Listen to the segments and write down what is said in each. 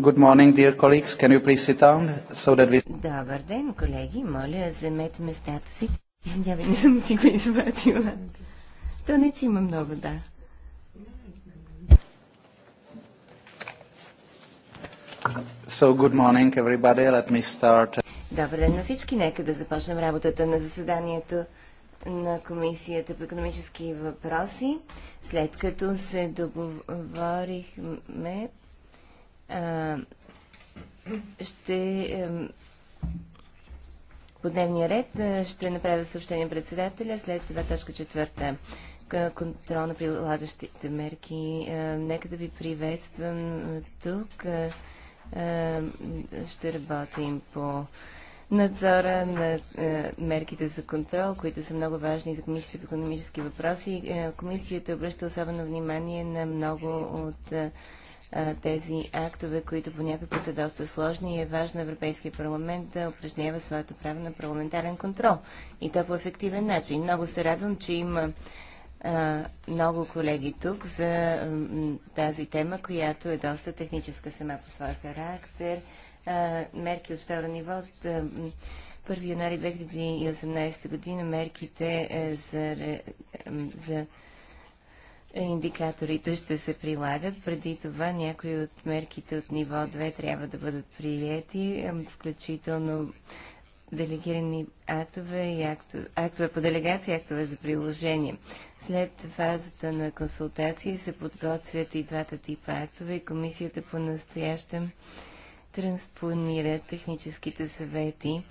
Good morning, dear colleagues. Can you please sit down so that we... Добър ден, колеги. Моля, вземете местата си. Извинявай, не съм си го извадила. То не, че има много, да. So, good morning, everybody. Let me start. Добър ден на всички. Нека да започнем работата на заседанието на Комисията по економически въпроси, след като се договорихме, ще по дневния ред ще направя съобщение председателя, след това точка четвърта контрол на прилагащите мерки. Нека да ви приветствам тук. Ще работим по надзора, на е, мерките за контрол, които са много важни за Комисията по економически въпроси. Е, комисията обръща особено внимание на много от е, е тези актове, които по някой са доста сложни и е важно Европейския парламент да упражнява своето право на парламентарен контрол. И то по ефективен начин. Много се радвам, че има е, много колеги тук за тази тема, която е доста техническа сама по своя характер – мерки от второ ниво от 1 януари 2018 година мерките за, за индикаторите ще се прилагат. Преди това някои от мерките от ниво 2 трябва да бъдат приети, включително делегирани актове и актове, актове по делегация, актове за приложение. След фазата на консултации се подготвят и двата типа актове и комисията по настоящем транспонира техническите съвети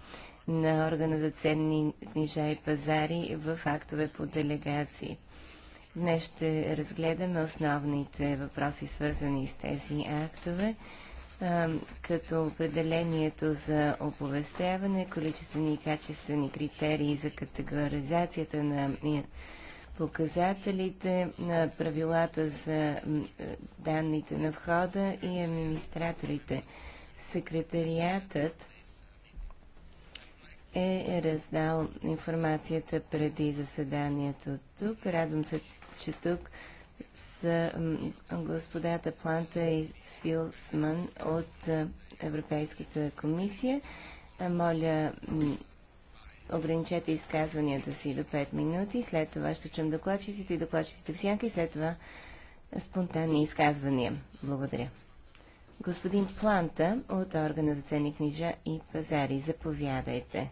на органа за ценни книжа и пазари в актове по делегации. Днес ще разгледаме основните въпроси, свързани с тези актове, като определението за оповестяване, количествени и качествени критерии за категоризацията на показателите, на правилата за данните на входа и администраторите секретариятът е раздал информацията преди заседанието тук. Радвам се, че тук са господата Планта и Филсман от Европейската комисия. Моля, ограничете изказванията си до 5 минути. След това ще чум докладчиците и докладчиците всяка и след това спонтанни изказвания. Благодаря господин Планта от органа за ценни книжа и пазари. Заповядайте.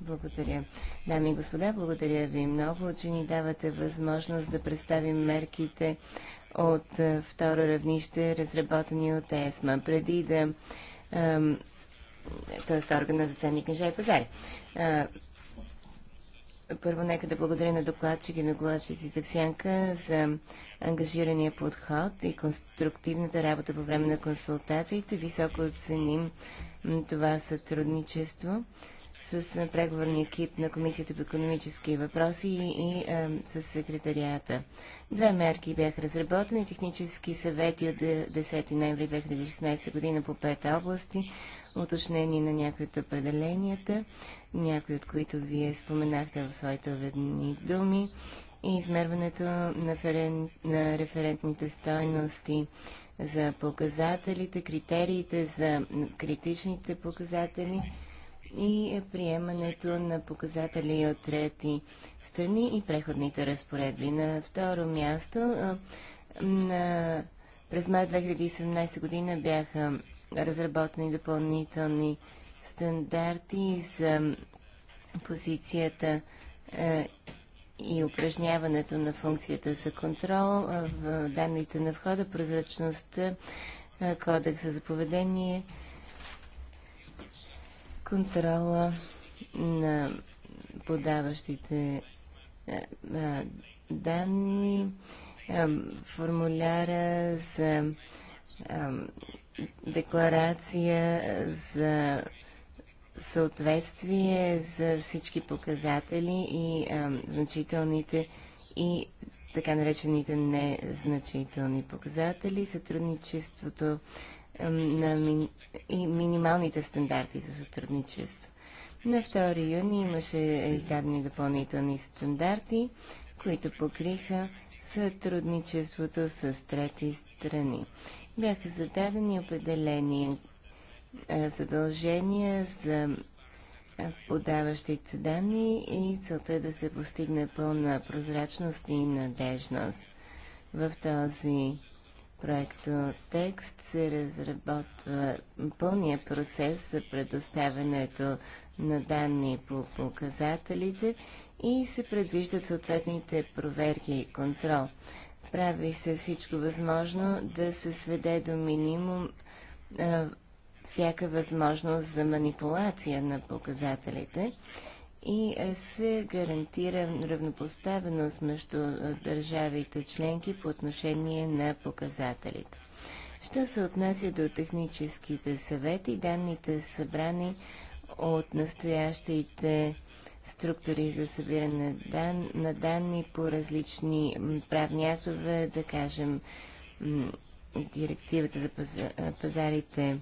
Благодаря. Дами и господа, благодаря ви много, че ни давате възможност да представим мерките от е, второ равнище, разработени от ЕСМА, преди да т.е. органа за ценни книжа и пазари. Първо, нека да благодаря на докладчики и на докладчици за Сянка за ангажирания подход и конструктивната работа по време на консултациите. Високо оценим това сътрудничество с преговорния екип на Комисията по економически въпроси и а, с секретарията. Две мерки бяха разработени. Технически съвети от 10 ноември 2016 година по пет области, уточнени на някои от определенията, някои от които вие споменахте в своите уведни думи и измерването на, ферен... на референтните стойности за показателите, критериите за критичните показатели, и приемането на показатели от трети страни и преходните разпоредби. На второ място, на, през май 2017 година бяха разработени допълнителни стандарти за позицията и упражняването на функцията за контрол в данните на входа, прозрачността, кодекса за поведение, контрола на подаващите е, е, данни, е, формуляра за декларация за съответствие за всички показатели и значителните и така наречените незначителни показатели, сътрудничеството на ми, и минималните стандарти за сътрудничество. На 2 юни имаше издадени допълнителни стандарти, които покриха сътрудничеството с трети страни. Бяха зададени определени задължения за подаващите данни и целта е да се постигне пълна прозрачност и надежност. В този проекто текст се разработва пълния процес за предоставянето на данни по показателите и се предвиждат съответните проверки и контрол. Прави се всичко възможно да се сведе до минимум а, всяка възможност за манипулация на показателите и е, се гарантира равнопоставеност между е, държавите членки по отношение на показателите. Що се отнася до техническите съвети, данните събрани от настоящите структури за събиране дан, на данни по различни правни актове, да кажем директивата за е, пазарите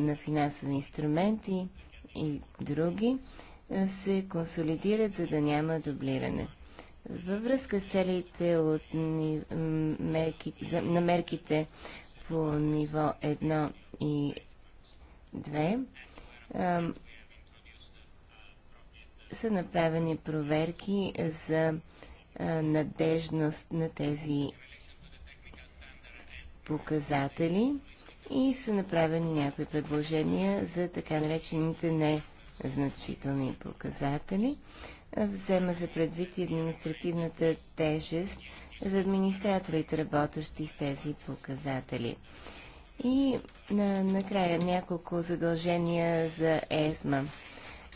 на финансови инструменти и други, се консолидират, за да няма дублиране. Във връзка с целите от мерки, на мерките по ниво 1 и 2 а, са направени проверки за а, надежност на тези показатели и са направени някои предложения за така наречените не значителни показатели. Взема за предвид и административната тежест за администраторите, работещи с тези показатели. И на, накрая няколко задължения за ЕСМА.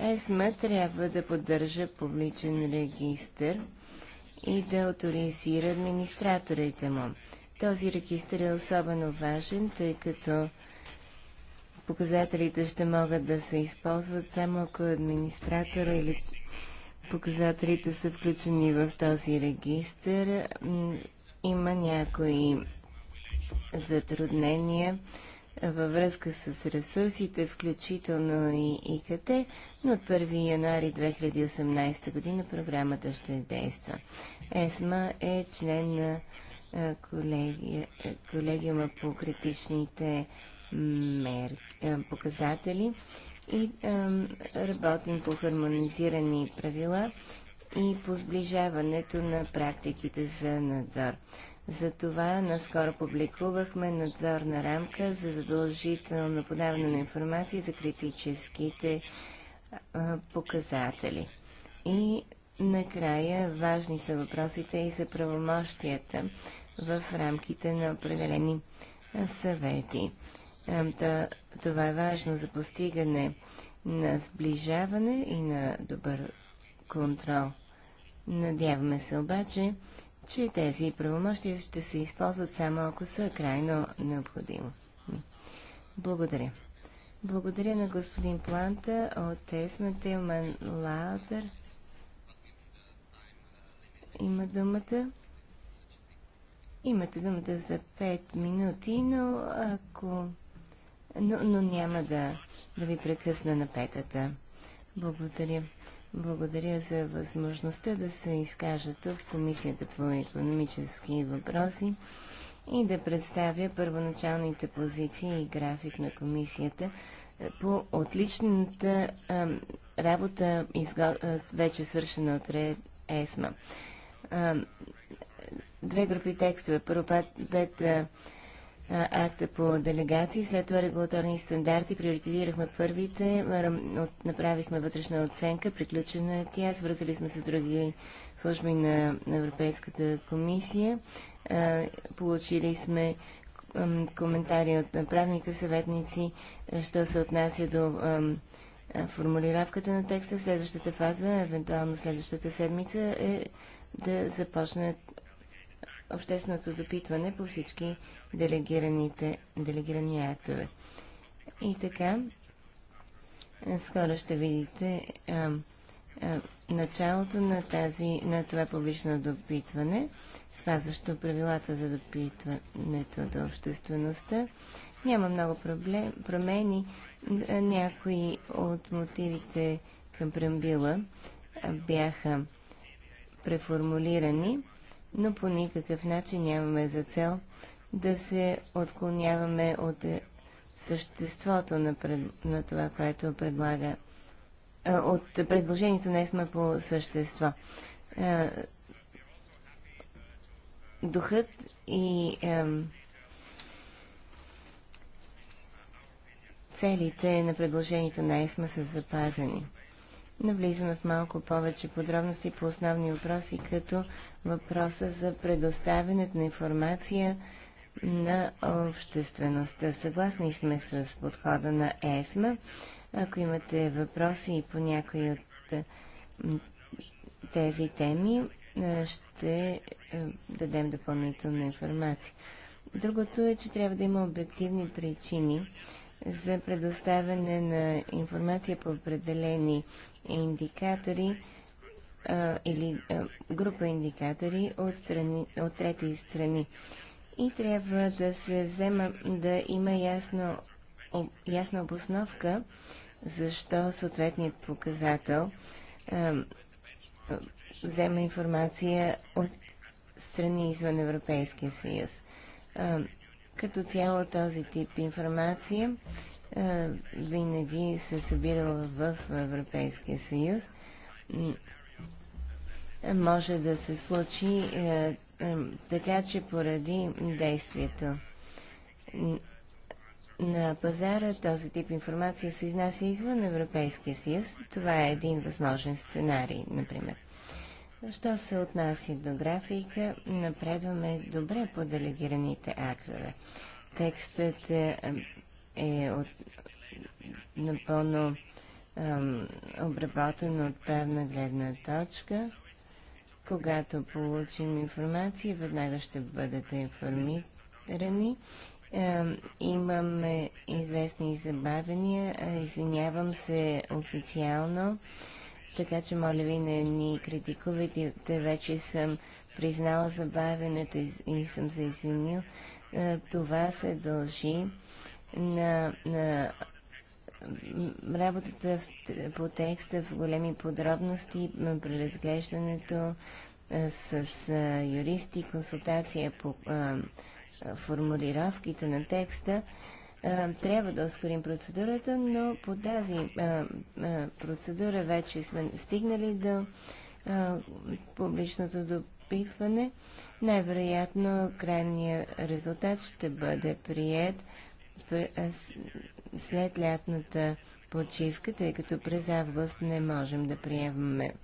ЕСМА трябва да поддържа публичен регистр и да авторизира администраторите му. Този регистр е особено важен, тъй като показателите ще могат да се използват само ако администратора или показателите са включени в този регистр. Има някои затруднения във връзка с ресурсите, включително и ИКТ, но от 1 януари 2018 година програмата ще действа. ЕСМА е член на колегиума по критичните мерки е, показатели и е, работим по хармонизирани правила и по сближаването на практиките за надзор. Затова наскоро публикувахме надзорна рамка за задължително подаване на информация за критическите е, показатели. И накрая важни са въпросите и за правомощията в рамките на определени съвети. Това е важно за постигане на сближаване и на добър контрол. Надяваме се обаче, че тези правомощия ще се използват само ако са крайно необходимо. Благодаря. Благодаря на господин Планта от Есма Тилман Лаудър. Има думата. Имате думата за 5 минути, но ако но, но няма да, да ви прекъсна на петата. Благодаря. Благодаря за възможността да се изкажа тук в Комисията по економически въпроси и да представя първоначалните позиции и график на Комисията е, по отличната а, е, работа, изго... Е, вече свършена от ЕСМА. А, две групи текстове. Първо бета акта по делегации, след това регулаторни стандарти, приоритизирахме първите, направихме вътрешна оценка, приключена е тя, свързали сме с други служби на Европейската комисия, получили сме коментари от правните съветници, що се отнася до формулировката на текста. Следващата фаза, евентуално следващата седмица е да започнат общественото допитване по всички делегираните, делегирани актове. И така, скоро ще видите а, а, началото на, тази, на това публично допитване, спазващо правилата за допитването до обществеността. Няма много проблем, промени. Някои от мотивите към прембила бяха преформулирани но по никакъв начин нямаме за цел да се отклоняваме от съществото на, пред, на това, което предлага от предложението на ЕСМА по същество. Духът и целите на предложението на ЕСМА са запазени навлизаме в малко повече подробности по основни въпроси, като въпроса за предоставянето на информация на обществеността. Съгласни сме с подхода на ЕСМА. Ако имате въпроси по някои от е, тези теми, е, ще е, дадем допълнителна информация. Другото е, че трябва да има обективни причини за предоставяне на информация по определени индикатори а, или а, група индикатори от, страни, от трети страни. И трябва да се взема, да има ясно, ясна обосновка защо съответният показател а, взема информация от страни извън Европейския съюз. А, като цяло този тип информация е, винаги се събирала в Европейския съюз. Може да се случи е, е, така, че поради действието на пазара този тип информация се изнася извън Европейския съюз. Това е един възможен сценарий, например. Що се отнася до графика, напредваме добре по делегираните актове. Текстът е е от, напълно ам, обработено от правна гледна точка. Когато получим информация, веднага ще бъдете информирани. имаме известни забавения. Извинявам се официално, така че моля ви не ни критикувайте. Те вече съм признала забавянето и, и съм се извинил. Е, това се дължи на, на работата в, по текста в големи подробности, преразглеждането с, с юристи, консултация по а, формулировките на текста. А, трябва да ускорим процедурата, но по тази а, процедура вече сме стигнали до публичното допитване. Най-вероятно крайният резултат ще бъде прият след лятната почивка, тъй като през август не можем да приемаме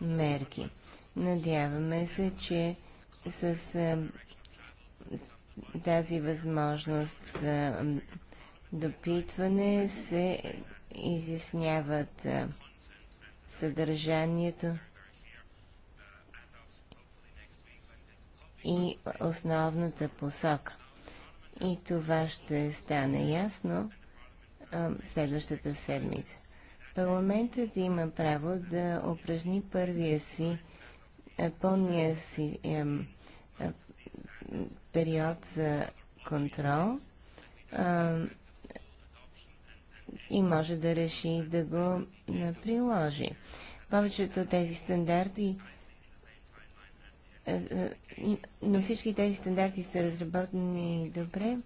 мерки. Надяваме се, че с а, тази възможност за допитване се изясняват а, съдържанието и основната посока. И това ще стане ясно а, следващата седмица. Парламентът има право да упражни първия си, пълния си а, а, период за контрол и може да реши да го приложи. Повечето тези стандарти е, е, Но всички тези стандарти са разработени добре,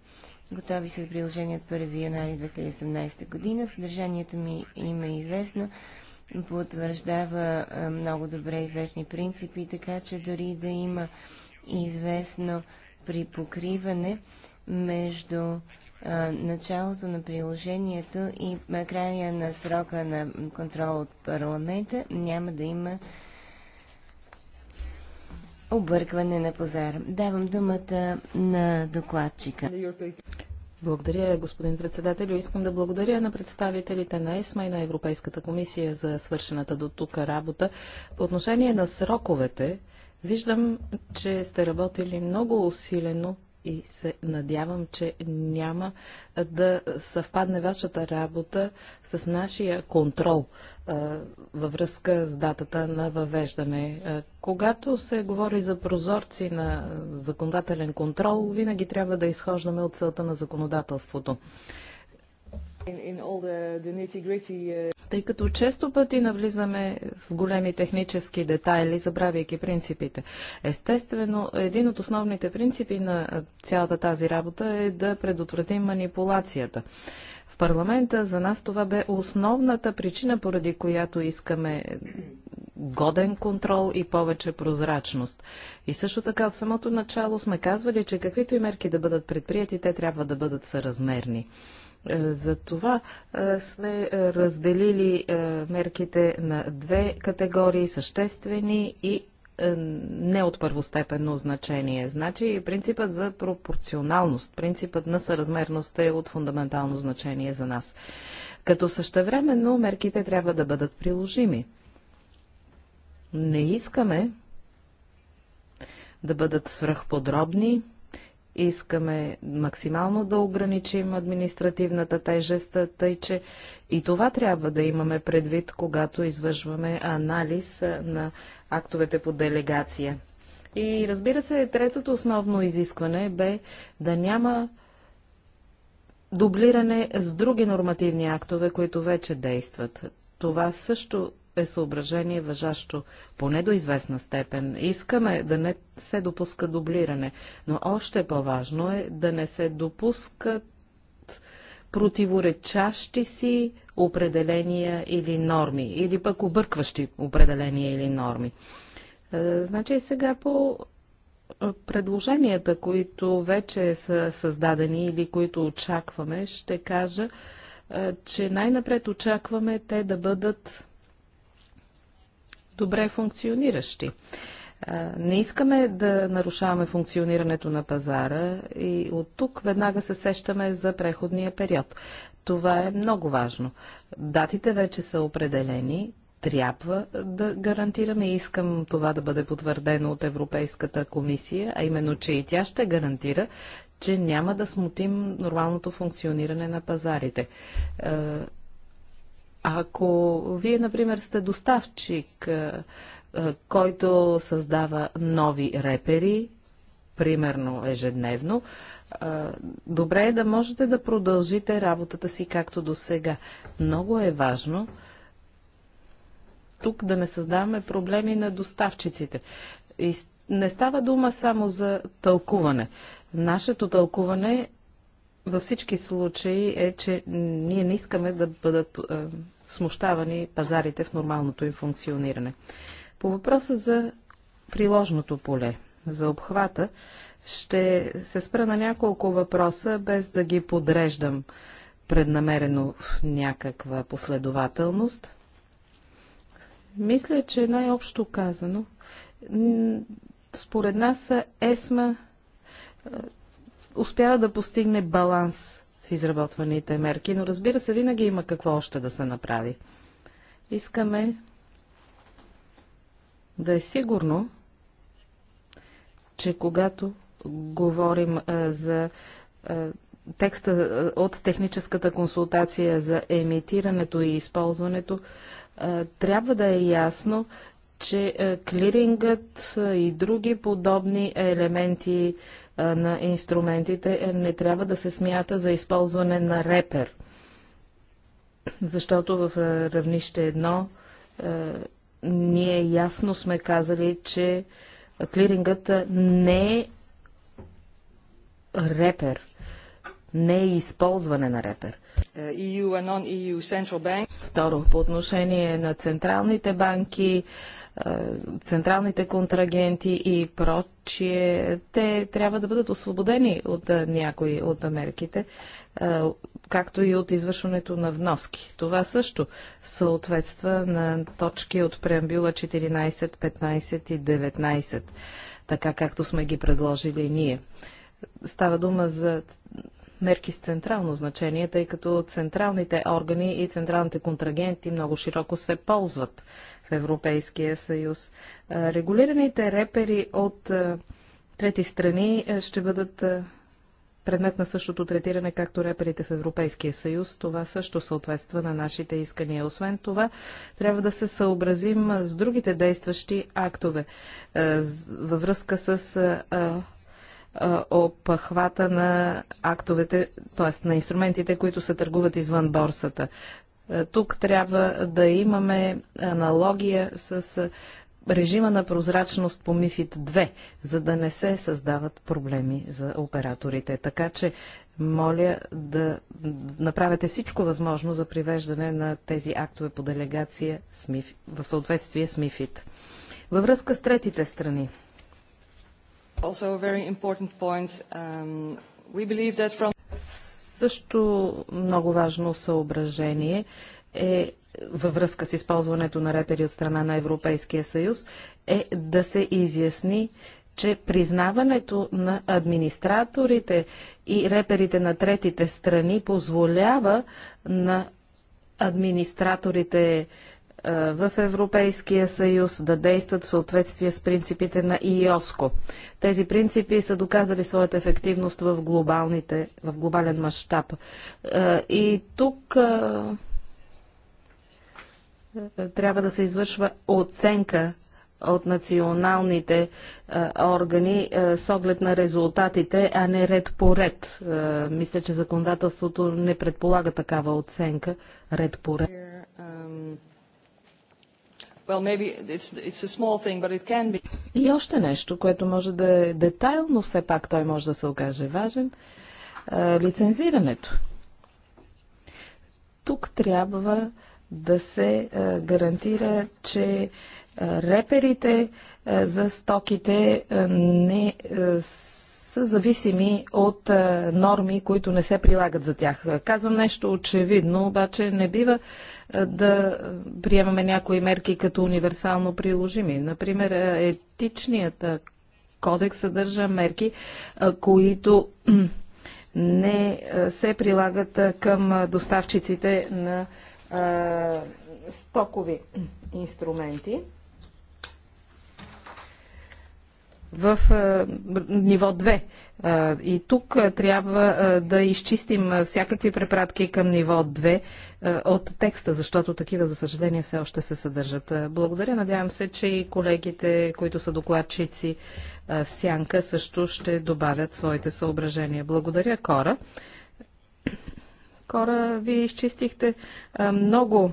готови с приложение от 1 януари 2018 година. Съдържанието ми им е известно, потвърждава е, много добре известни принципи, така че дори да има известно при покриване между началото на приложението и края на срока на контрол от парламента няма да има объркване на пазара. Давам думата на докладчика. Благодаря, господин председател, Искам да благодаря на представителите на ЕСМА и на Европейската комисия за свършената до тук работа. По отношение на сроковете, виждам, че сте работили много усилено и се надявам, че няма да съвпадне вашата работа с нашия контрол във връзка с датата на въвеждане. Когато се говори за прозорци на законодателен контрол, винаги трябва да изхождаме от целта на законодателството. Uh, Тъй като често пъти навлизаме в големи технически детайли, забравяйки принципите. Естествено, един от основните принципи на цялата тази работа е да предотвратим манипулацията В парламента. За нас това бе основната причина, поради която искаме годен контрол и повече прозрачност. И също така от самото начало сме казвали, че каквито и мерки да бъдат предприяти, те трябва да бъдат съразмерни. Е, за това е, сме е, разделили мерките на две категории – съществени и не от първостепенно значение. Значи принципът за пропорционалност, принципът на съразмерност е от фундаментално значение за нас. Като същевременно мерките трябва да бъдат приложими. Не искаме да бъдат свръхподробни, подробни Искаме максимално да ограничим административната тежест, тъй че и това трябва да имаме предвид, когато извършваме анализ на актовете по делегация. И разбира се, третото основно изискване бе да няма дублиране с други нормативни актове, които вече действат. Това също е съображение въжащо поне до известна степен. Искаме да не се допуска дублиране, но още по-важно е да не се допускат противоречащи си определения или норми, или пък объркващи определения или норми. Е, значи сега по предложенията, които вече са създадени или които очакваме, ще кажа, е, че най-напред очакваме те да бъдат добре функциониращи. Не искаме да нарушаваме функционирането на пазара и от тук веднага се сещаме за преходния период. Това е много важно. Датите вече са определени. Трябва да гарантираме, искам това да бъде потвърдено от Европейската комисия, а именно, че и тя ще гарантира, че няма да смутим нормалното функциониране на пазарите. Ако вие, например, сте доставчик, е, е, който създава нови репери, примерно ежедневно, е, добре е да можете да продължите работата си както до сега. Много е важно тук да не създаваме проблеми на доставчиците. И не става дума само за тълкуване. Нашето тълкуване във всички случаи е, че ние не искаме да бъдат смущавани пазарите в нормалното им функциониране. По въпроса за приложното поле, за обхвата, ще се спра на няколко въпроса, без да ги подреждам преднамерено в някаква последователност. Мисля, че най-общо казано, според нас ЕСМА е, успява да постигне баланс в изработваните мерки, но разбира се, винаги има какво още да се направи. Искаме да е сигурно, че когато говорим а, за а, текста от техническата консултация за емитирането и използването, а, трябва да е ясно, че е, клирингът е, и други подобни елементи е, на инструментите не трябва да се смята за използване на репер, защото в равнище едно ние ясно сме казали, че клирингът не е репер, не е използване на репер. Е, Второ, по отношение на централните банки, е, централните контрагенти и прочие, те трябва да бъдат освободени от е, някои от мерките, както и от извършването на вноски. Това също съответства на точки от преамбюла 14, 15 и 19, така както сме ги предложили ние. Става дума за мерки с централно значение, тъй като централните органи и централните контрагенти много широко се ползват в Европейския съюз. Регулираните репери от трети страни ще бъдат предмет на същото третиране, както реперите в Европейския съюз. Това също съответства на нашите искания. Освен това, трябва да се съобразим с другите действащи актове във връзка с обхвата на актовете, т.е. на инструментите, които се търгуват извън борсата. Тук трябва да имаме аналогия с режима на прозрачност по МИФИД 2, за да не се създават проблеми за операторите. Така че моля да направите всичко възможно за привеждане на тези актове по делегация в съответствие с МИФИД. Във връзка с третите страни, Um, from... Също много важно съображение е във връзка с използването на репери от страна на Европейския съюз е да се изясни че признаването на администраторите и реперите на третите страни позволява на администраторите е, в Европейския съюз да действат в съответствие с принципите на ИОСКО. Тези принципи са доказали своята ефективност в, глобалните, в глобален мащаб. Е, и тук е, трябва да се извършва оценка от националните а, органи а, с оглед на резултатите, а не ред по ред. А, мисля, че законодателството не предполага такава оценка ред по ред. Well, it's, it's thing, be... И още нещо, което може да е детайл, но все пак той може да се окаже важен. лицензирането. Тук трябва да се гарантира, че реперите за стоките не са са зависими от е, норми, които не се прилагат за тях. Казвам нещо очевидно, обаче не бива е, да приемаме някои мерки като универсално приложими. Например, е, етичният кодекс съдържа мерки, които не се прилагат към доставчиците на стокови инструменти. в ниво 2. И тук трябва да изчистим всякакви препратки към ниво 2 от текста, защото такива, за съжаление, все още се съдържат. Благодаря. Надявам се, че и колегите, които са докладчици в Сянка, също ще добавят своите съображения. Благодаря, Кора. Кора, вие изчистихте много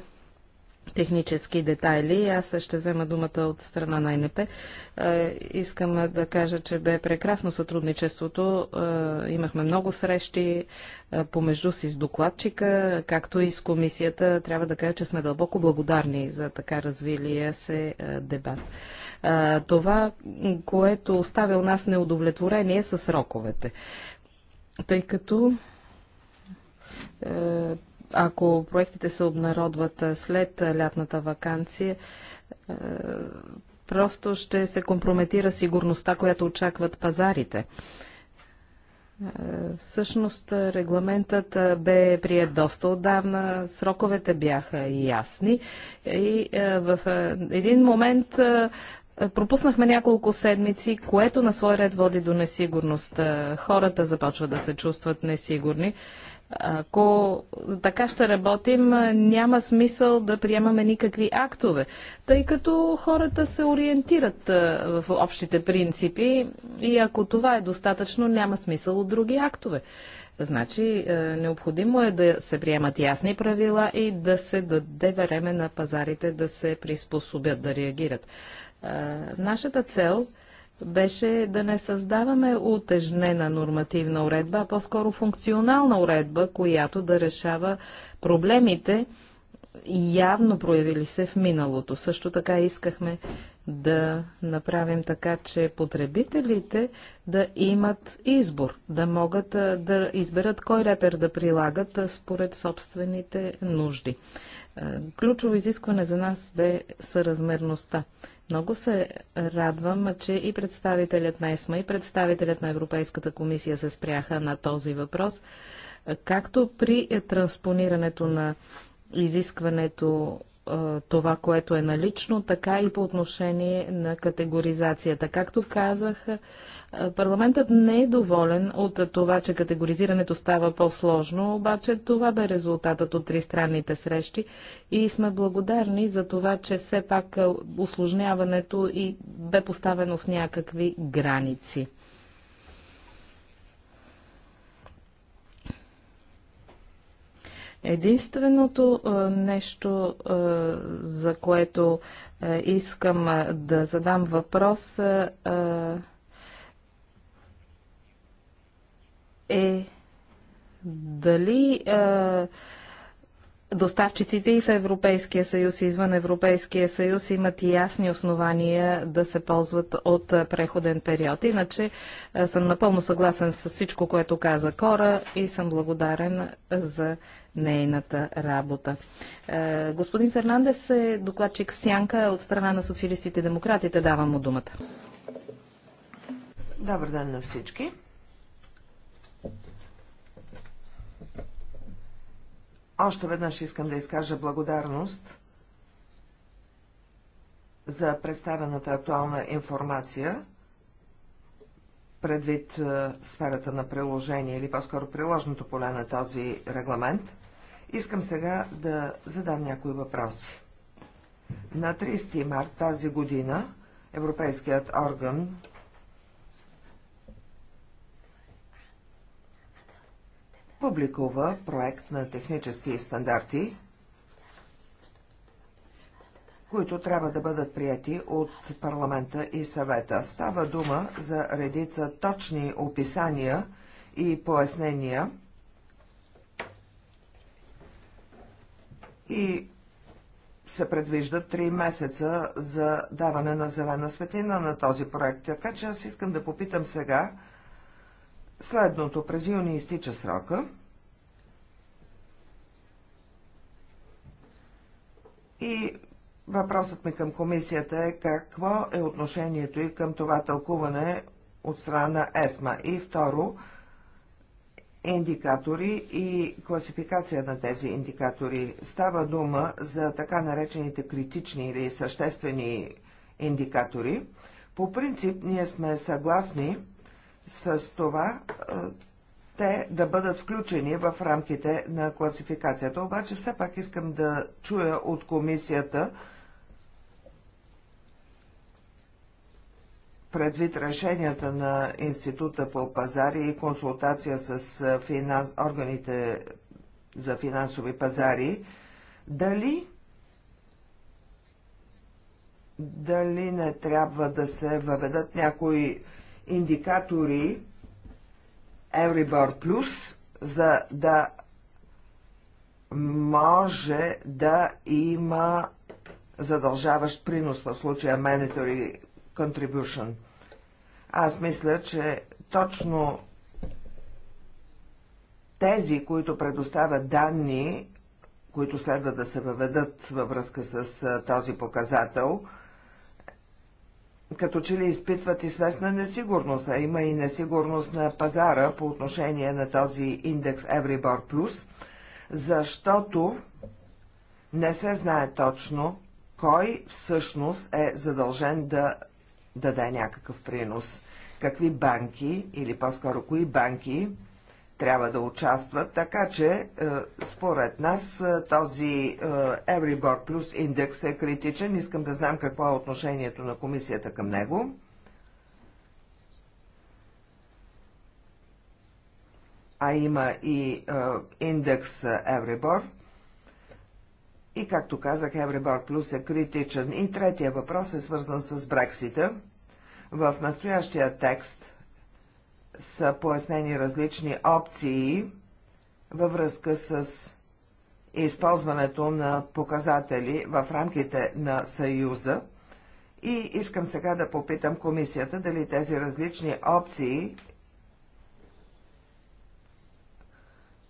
технически детайли. Аз ще взема думата от страна на НП. Е, искам да кажа, че бе прекрасно сътрудничеството. Е, имахме много срещи е, помежду си с докладчика, както и с комисията. Трябва да кажа, че сме дълбоко благодарни за така развилия се дебат. Това, което оставя у нас неудовлетворение са сроковете. Тъй като ако проектите се обнародват след лятната вакансия, просто ще се компрометира сигурността, която очакват пазарите. Всъщност регламентът бе прият доста отдавна, сроковете бяха ясни и в един момент Пропуснахме няколко седмици, което на свой ред води до несигурност. Хората започват да се чувстват несигурни. Ако така ще работим, няма смисъл да приемаме никакви актове, тъй като хората се ориентират в общите принципи и ако това е достатъчно, няма смисъл от други актове. Значи, необходимо е да се приемат ясни правила и да се даде време на пазарите да се приспособят, да реагират. нашата цел е беше да не създаваме утежнена нормативна уредба, а по-скоро функционална уредба, която да решава проблемите, явно проявили се в миналото. Също така искахме да направим така, че потребителите да имат избор, да могат да изберат кой репер да прилагат според собствените нужди. Ключово изискване за нас бе съразмерността. Много се радвам, че и представителят на ЕСМА, и представителят на Европейската комисия се спряха на този въпрос, както при транспонирането на изискването е, това, което е налично, така и по отношение на категоризацията. Както казах, е, парламентът не е доволен от това, че категоризирането става по-сложно, обаче това бе резултатът от тристранните срещи и сме благодарни за това, че все пак осложняването е, и бе поставено в някакви граници. Единственото нещо, за което искам да задам въпрос е дали доставчиците и в Европейския съюз и извън Европейския съюз имат и ясни основания да се ползват от преходен период. Иначе съм напълно съгласен с всичко, което каза Кора и съм благодарен за нейната работа. Господин Фернандес е докладчик в Сянка от страна на социалистите и демократите. Давам му думата. Добър ден на всички. Още веднъж искам да изкажа благодарност за представената актуална информация предвид е, сферата на приложение или по-скоро приложното поле на този регламент. Искам сега да задам някои въпроси. На 30 март тази година Европейският орган публикува проект на технически стандарти, които трябва да бъдат прияти от парламента и съвета. Става дума за редица точни описания и пояснения и се предвижда 3 месеца за даване на зелена светлина на този проект. Така че аз искам да попитам сега следното. През юни изтича срока. И въпросът ми към комисията е какво е отношението и към това тълкуване от страна на ЕСМА. И второ, индикатори и класификация на тези индикатори. Става дума за така наречените критични или съществени индикатори. По принцип ние сме съгласни с това те да бъдат включени в рамките на класификацията. Обаче все пак искам да чуя от комисията, предвид решенията на Института по пазари и консултация с финанс... органите за финансови пазари, дали дали не трябва да се въведат някои индикатори Euribor Plus, за да може да има задължаващ принос в случая Mandatory Contribution. Аз мисля, че точно тези, които предоставят данни, които следва да се въведат във връзка с този показател – като че ли изпитват известна несигурност, а има и несигурност на пазара по отношение на този индекс Everybor Plus, защото не се знае точно кой всъщност е задължен да даде някакъв принос. Какви банки, или по-скоро кои банки, трябва да участват, така че е, според нас е, този е, Euribor плюс индекс е критичен. Искам да знам какво е отношението на комисията към него. А има и индекс Everybor. И както казах, Everybor Плюс е критичен. И третия въпрос е свързан с Брексита. В настоящия текст – са пояснени различни опции във връзка с използването на показатели в рамките на Съюза. И искам сега да попитам комисията дали тези различни опции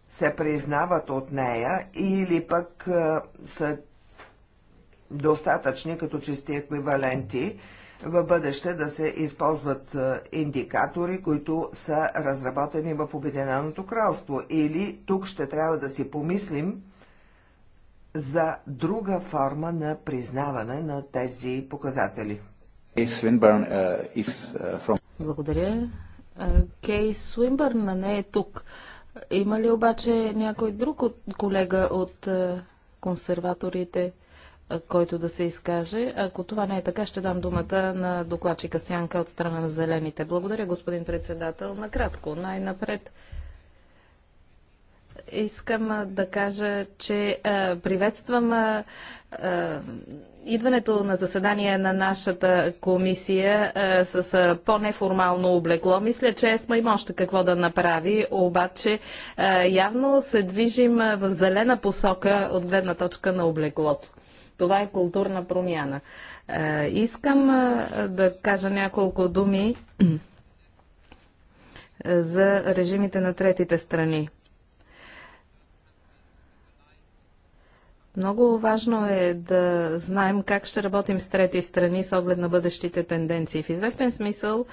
се признават от нея или пък е, са достатъчни като чисти еквиваленти в бъдеще да се използват е, индикатори, които са разработени в Обединеното кралство. Или тук ще трябва да си помислим за друга форма на признаване на тези показатели. Е, е, Благодаря. Кей Свинбърн не е тук. Има ли обаче някой друг колега от консерваторите? който да се изкаже. Ако това не е така, ще дам думата на докладчика Сянка от страна на Зелените. Благодаря, господин председател. Накратко, най-напред. Искам да кажа, че а, приветствам а, а, идването на заседание на нашата комисия а, с а, по-неформално облекло. Мисля, че ЕСМА има още какво да направи, обаче а, явно се движим в зелена посока от гледна точка на облеклото. Това е културна промяна. Е, искам е, да кажа няколко думи е, за режимите на третите страни. Много важно е да знаем как ще работим с трети страни с оглед на бъдещите тенденции. В известен смисъл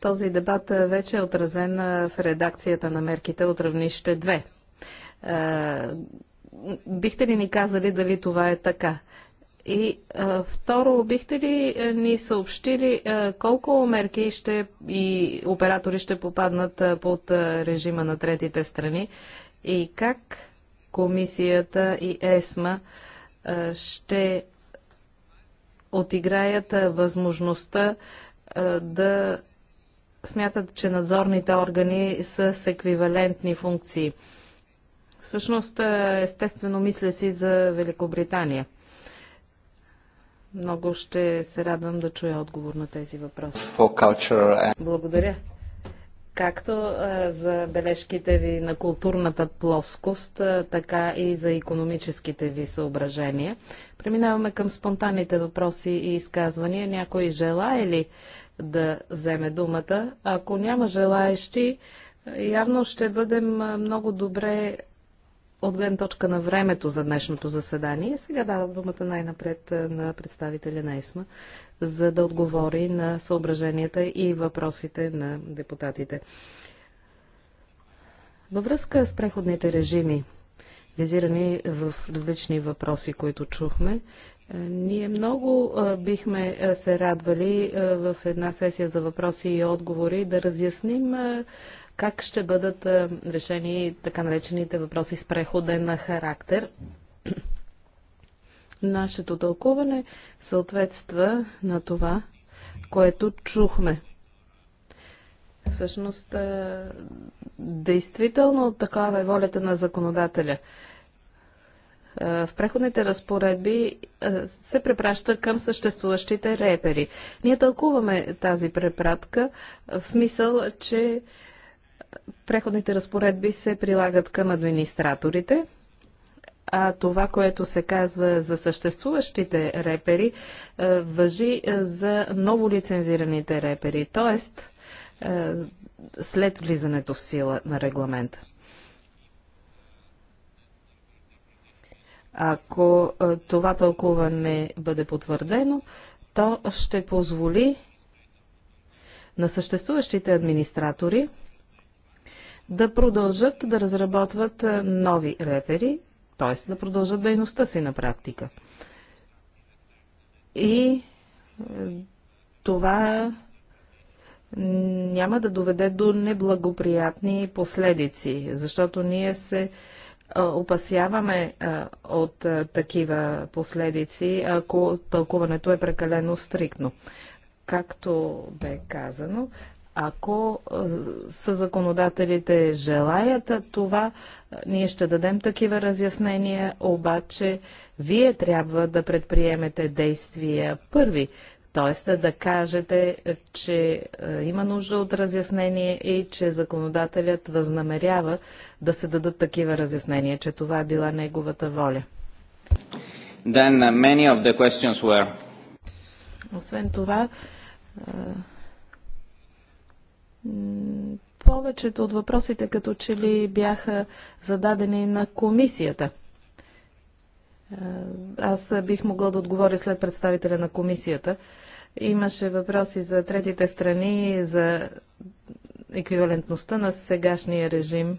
този дебат вече е отразен в редакцията на мерките от равнище 2 бихте ли ни казали дали това е така? И а, второ, бихте ли ни съобщили а, колко мерки ще и оператори ще попаднат а, под а, режима на третите страни и как комисията и ЕСМА а, ще отиграят а, възможността а, да смятат, че надзорните органи са с еквивалентни функции? Всъщност, е, естествено, мисля си за Великобритания. Много ще се радвам да чуя отговор на тези въпроси. And... Благодаря. Както а, е, за бележките ви на културната плоскост, а, е, така и за економическите ви съображения. Преминаваме към спонтанните въпроси и изказвания. Някой желая ли да вземе думата? Ако няма желаещи, явно ще бъдем много добре от гледна точка на времето за днешното заседание. Сега давам думата най-напред на представителя на ЕСМА, за да отговори на съображенията и въпросите на депутатите. Във връзка с преходните режими, визирани в различни въпроси, които чухме, е, ние много бихме се радвали в една сесия за въпроси и отговори да разясним как ще бъдат е, решени така наречените въпроси с преходен на характер? Нашето тълкуване съответства на това, което чухме. Всъщност, е, действително такава е волята на законодателя. Е, в преходните разпоредби се препраща към съществуващите репери. Ние тълкуваме тази препратка в смисъл, че преходните разпоредби се прилагат към администраторите, а това, което се казва за съществуващите репери, е, въжи е, за ново лицензираните репери, т.е. след влизането в сила на регламента. Ако е, това тълкуване бъде потвърдено, то ще позволи на съществуващите администратори да продължат да разработват е, нови репери, т.е. да продължат дейността си на практика. И е, това няма да доведе до неблагоприятни последици, защото ние се е, опасяваме от такива последици, ако тълкуването е прекалено стриктно. Както бе казано, ако законодателите желаят това, ние ще дадем такива разяснения, обаче вие трябва да предприемете действия първи, т.е. да кажете, че има нужда от разяснение и че законодателят възнамерява да се дадат такива разяснения, че това е била неговата воля. Then, uh, many of the questions were... Освен това, повечето от въпросите като че ли бяха зададени на комисията. Аз бих могъл да отговоря след представителя на комисията. Имаше въпроси за третите страни, за еквивалентността на сегашния режим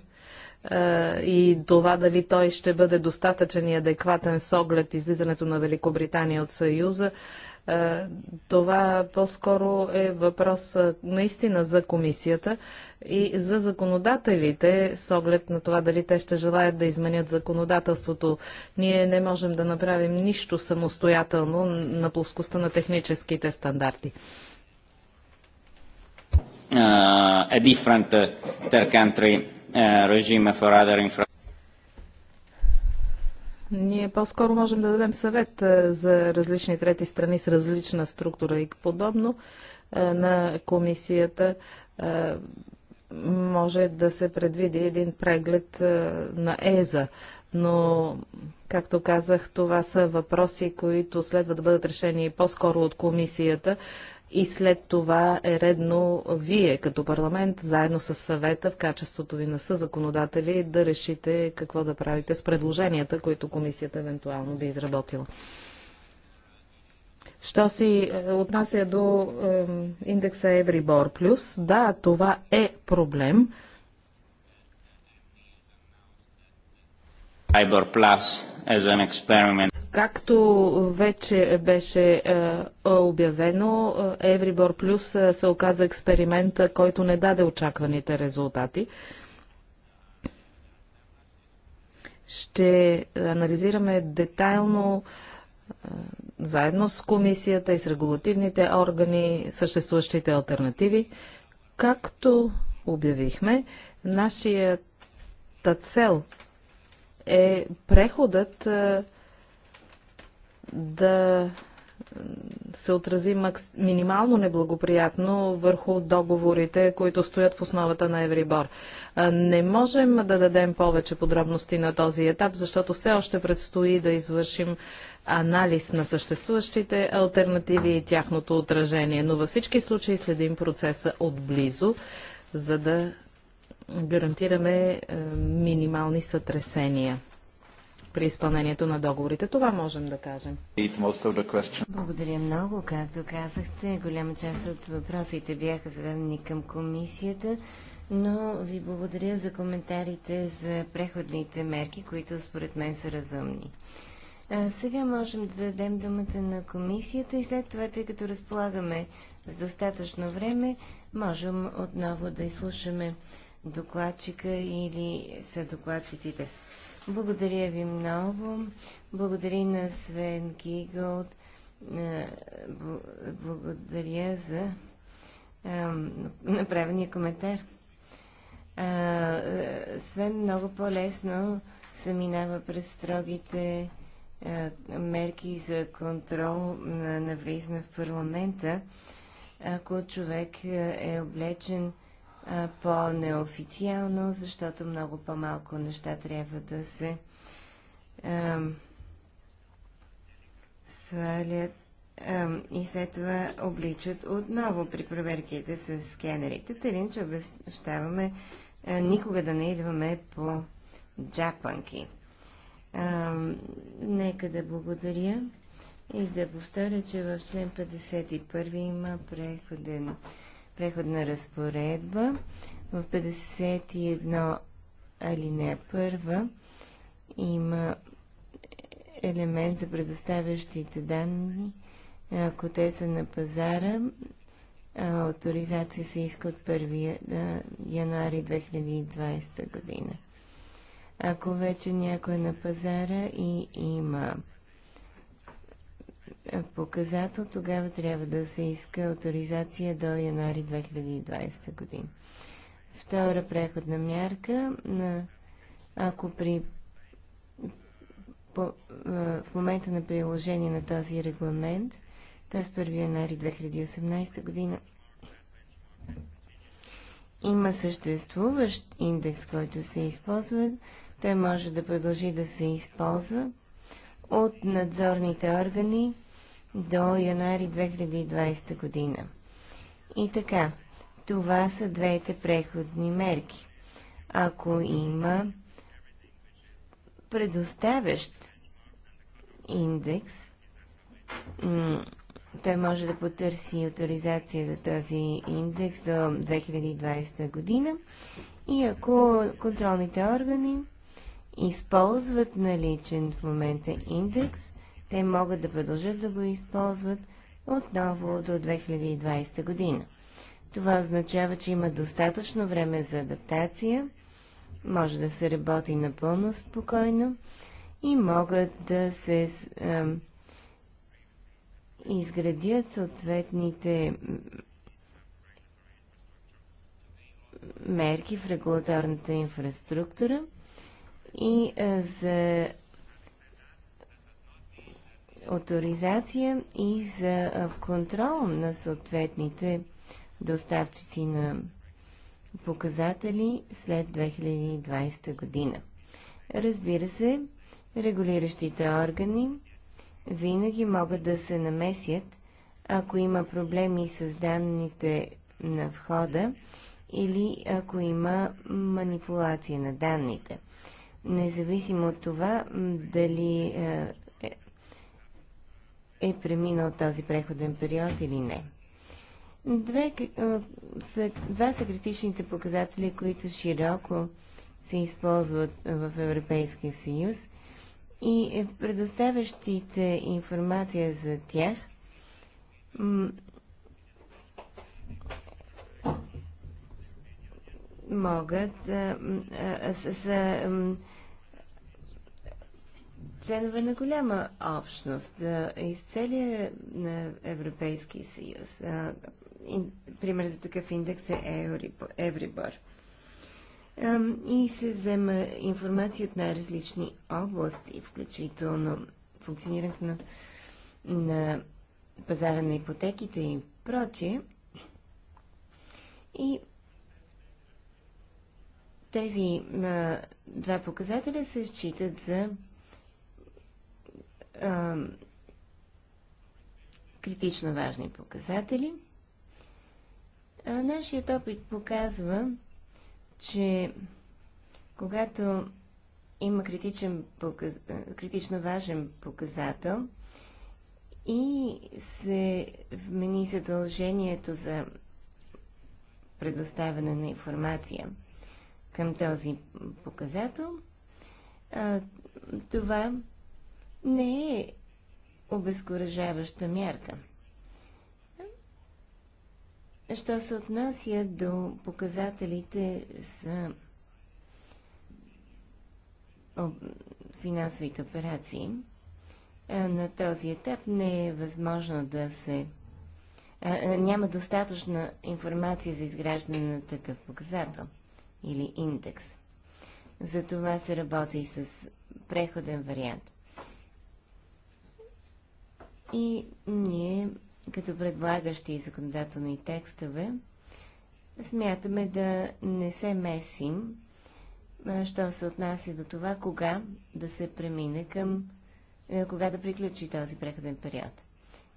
и това дали той ще бъде достатъчен и адекватен с оглед излизането на Великобритания от Съюза. Е, това по-скоро е въпрос е, наистина за комисията и за законодателите, с оглед на това дали те ще желаят да изменят законодателството. Ние не можем да направим нищо самостоятелно на плоскостта на техническите стандарти. Uh, е, a different uh, country uh, regime for other infrastructure. Ние по-скоро можем да дадем съвет е, за различни трети страни с различна структура и подобно е, на комисията е, може да се предвиди един преглед на ЕЗА. Но, както казах, това са въпроси, които следва да бъдат решени по-скоро от комисията и след това е редно вие като парламент, заедно с съвета в качеството ви на съзаконодатели, да решите какво да правите с предложенията, които комисията евентуално би изработила. Що си е, отнася до индекса Евробор плюс, да, това е проблем. Айбор плюс е експеримент. Както вече беше е, обявено, е, Еврибор Плюс е, се оказа експеримент, който не даде очакваните резултати. Ще анализираме детайлно заедно с комисията и с регулативните органи съществуващите альтернативи. Както обявихме, нашията цел е преходът да се отрази минимално неблагоприятно върху договорите, които стоят в основата на Еврибор. Не можем да дадем повече подробности на този етап, защото все още предстои да извършим анализ на съществуващите альтернативи и тяхното отражение. Но във всички случаи следим процеса отблизо, за да гарантираме минимални сътресения при изпълнението на договорите. Това можем да кажем. Благодаря много. Както казахте, голяма част от въпросите бяха зададени към комисията, но ви благодаря за коментарите за преходните мерки, които според мен са разумни. А, сега можем да дадем думата на комисията и след това, тъй като разполагаме с достатъчно време, можем отново да изслушаме докладчика или са докладчиците. Благодаря ви много. Благодаря на Свен Гиголд. Е, благодаря за направения коментар. Е, Свен много по-лесно се минава през строгите е, мерки за контрол на навлизане в парламента, ако човек е облечен по-неофициално, защото много по-малко неща трябва да се а, свалят а, и след това обличат отново при проверките с скенерите. Тъй, че обещаваме а, никога да не идваме по джапанки. А, нека да благодаря и да повторя, че в член 51 има преходен преходна разпоредба в 51 алинея 1 има елемент за предоставящите данни, ако те са на пазара. Авторизация се иска от 1 януари 2020 година. Ако вече някой е на пазара и има показател, тогава трябва да се иска авторизация до януари 2020 година. Втора преходна мярка, на, ако при по, в момента на приложение на този регламент, т.е. 1 януари 2018 година, има съществуващ индекс, който се използва, той може да продължи да се използва от надзорните органи до януари 2020 година. И така, това са двете преходни мерки. Ако има предоставящ индекс, той може да потърси авторизация за този индекс до 2020 година и ако контролните органи използват наличен в момента индекс, те могат да продължат да го използват отново до 2020 година. Това означава, че има достатъчно време за адаптация, може да се работи напълно спокойно и могат да се а, изградят съответните мерки в регулаторната инфраструктура и а, за авторизация и за контрол на съответните доставчици на показатели след 2020 година. Разбира се, регулиращите органи винаги могат да се намесят, ако има проблеми с данните на входа или ако има манипулация на данните. Независимо от това дали е, е преминал този преходен период или не. Две, са, два са критичните показатели, които широко се използват в Европейския съюз и е предоставящите информация за тях могат а, а, са, са членове на голяма общност из целия на Европейски съюз. Пример за такъв индекс е Еврибор. И се взема информация от най-различни области, включително функционирането на, на пазара на ипотеките и прочие. И тези а, два показателя се считат за критично важни показатели. А нашият опит показва, че когато има критичен, критично важен показател и се вмени задължението за предоставяне на информация към този показател, а, това не е обезкуражаваща мярка. Що се отнася до показателите за финансовите операции, е, на този етап не е възможно да се. Е, е, няма достатъчна информация за изграждане на такъв показател или индекс. За това се работи с преходен вариант – и ние, като предлагащи законодателни текстове, смятаме да не се месим, що се отнася до това, кога да се премине към, е, кога да приключи този преходен период.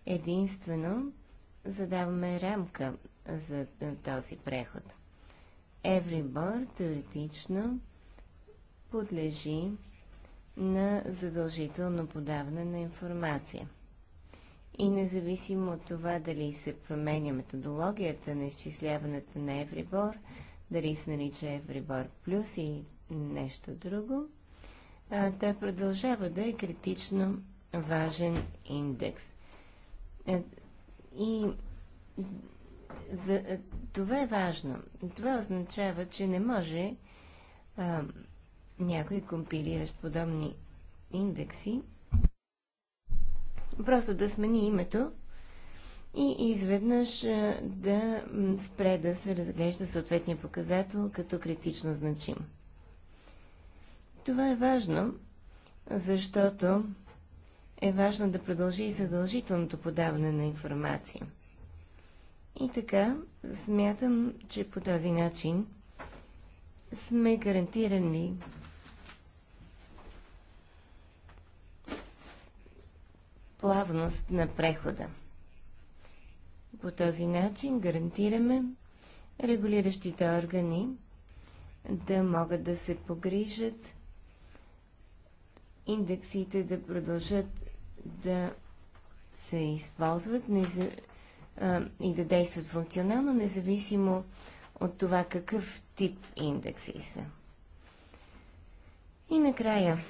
Единствено, задаваме рамка за е, този преход. Еврибор теоретично подлежи на задължително подаване на информация – и независимо от това дали се променя методологията на изчисляването на Еврибор, дали се нарича Еврибор плюс и нещо друго, той продължава да е критично важен индекс. Е, и за, е, това е важно. Това означава, че не може а, някой компилиращ подобни индекси просто да смени името и изведнъж да спре да се разглежда съответния показател като критично значим. Това е важно, защото е важно да продължи и задължителното подаване на информация. И така, смятам, че по този начин сме гарантирани плавност на прехода. По този начин гарантираме регулиращите органи да могат да се погрижат индексите да продължат да се използват и да действат функционално, независимо от това какъв тип индекси са. И накрая,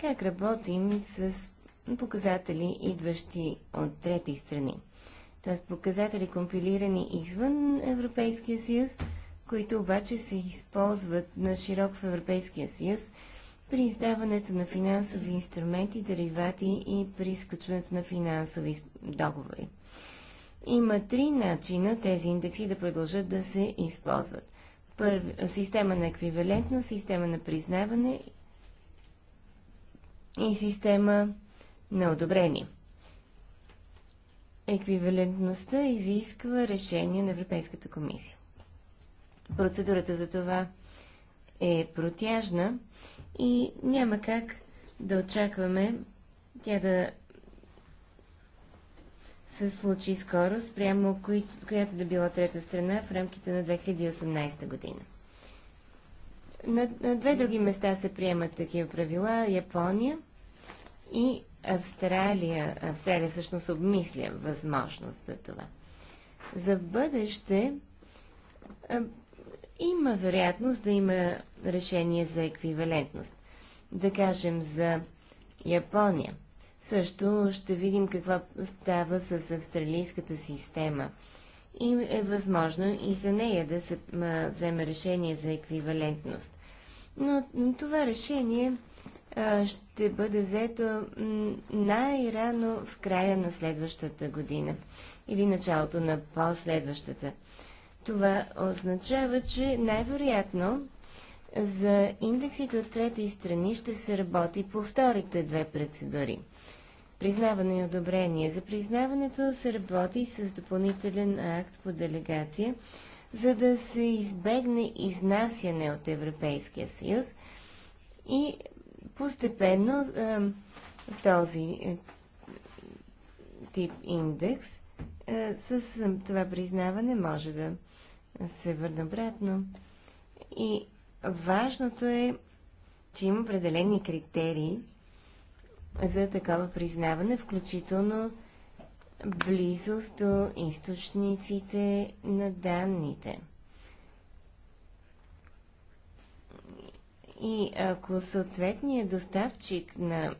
как работим с показатели, идващи от трети страни. Тоест показатели, компилирани извън Европейския съюз, които обаче се използват на широк в Европейския съюз при издаването на финансови инструменти, деривати и при изключването на финансови договори. Има три начина тези индекси да продължат да се използват. Първи, система на еквивалентност, система на признаване и система на одобрение. Еквивалентността изисква решение на Европейската комисия. Процедурата за това е протяжна и няма как да очакваме тя да се случи скоро, спрямо която да била трета страна в рамките на 2018 година. На, на две други места се приемат такива правила Япония и Австралия. Австралия всъщност обмисля възможност за това. За бъдеще има вероятност да има решение за еквивалентност. Да кажем за Япония. Също ще видим каква става с австралийската система – и е възможно и за нея да се вземе решение за еквивалентност. Но това решение ще бъде взето най-рано в края на следващата година или началото на последващата. Това означава, че най-вероятно за индексите от трети страни ще се работи по вторите две процедури – признаване и одобрение. За признаването се работи с допълнителен акт по делегация, за да се избегне изнасяне от Европейския съюз и постепенно този е, тип индекс е, с това признаване може да се върне обратно. И важното е, че има определени критерии, за такова признаване, включително близост до източниците на данните. И ако съответният доставчик на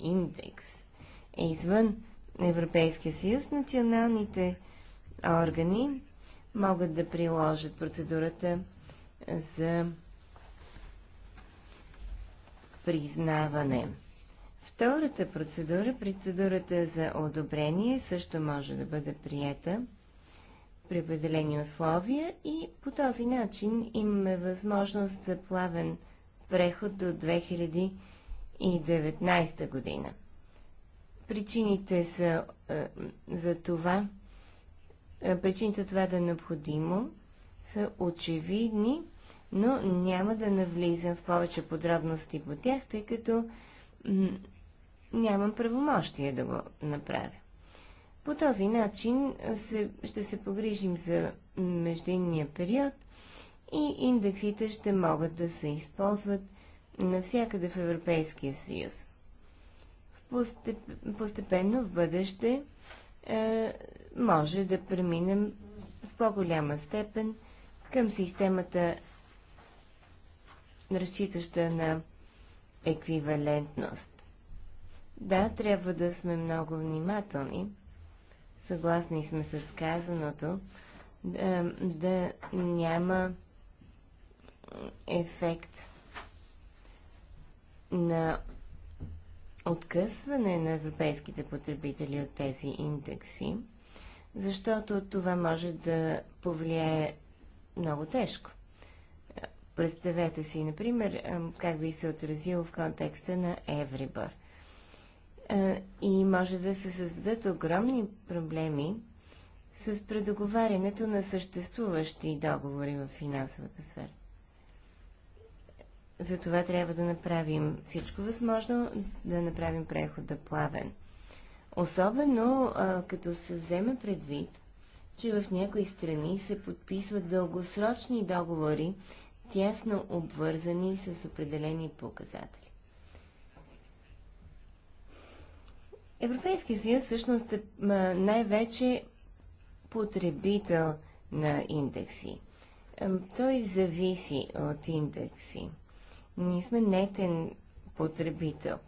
индекс е извън Европейския съюз, националните органи могат да приложат процедурата за признаване. Втората процедура, процедурата за одобрение, също може да бъде приета при определени условия и по този начин имаме възможност за плавен преход до 2019 година. Причините са е, за това, е, причините това да е необходимо са очевидни, но няма да навлизам в повече подробности по тях, тъй като нямам правомощие да го направя. По този начин се, ще се погрижим за междинния период и индексите ще могат да се използват навсякъде в Европейския съюз. Постеп, постепенно в бъдеще е, може да преминем в по-голяма степен към системата, разчитаща на еквивалентност. Да, трябва да сме много внимателни. Съгласни сме с казаното. Да, е, да няма ефект на откъсване на европейските потребители от тези индекси, защото това може да повлияе много тежко. Представете си, например, как би се отразило в контекста на Еврибър и може да се създадат огромни проблеми с предоговарянето на съществуващи договори в финансовата сфера. Затова трябва да направим всичко възможно, да направим прехода плавен. Особено а, като се вземе предвид, че в някои страни се подписват дългосрочни договори, тясно обвързани с определени показатели. Европейския съюз всъщност е най-вече потребител на индекси. Той зависи от индекси. Ние сме нетен потребител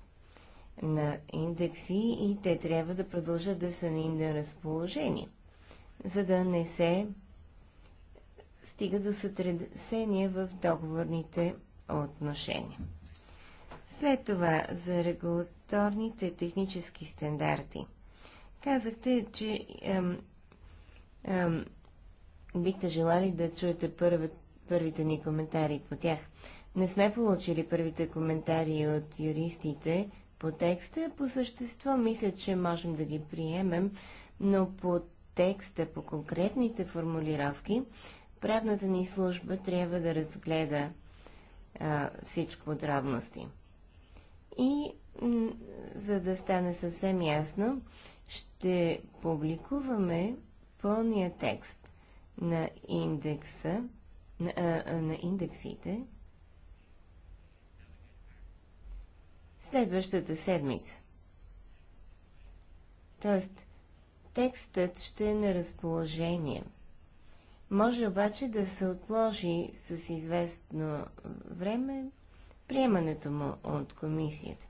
на индекси и те трябва да продължат да са ни на разположение, за да не се стига до сътресения в договорните отношения. След това за регулаторните технически стандарти. Казахте, че ам, ам, бихте желали да чуете първи, първите ни коментари по тях. Не сме получили първите коментари от юристите по текста. По същество мисля, че можем да ги приемем, но по текста, по конкретните формулировки, правната ни служба трябва да разгледа а, всичко подробности. И за да стане съвсем ясно, ще публикуваме пълния текст на индекса, на, а, на индексите следващата седмица. Тоест, текстът ще е на разположение. Може обаче да се отложи с известно време приемането му от комисията.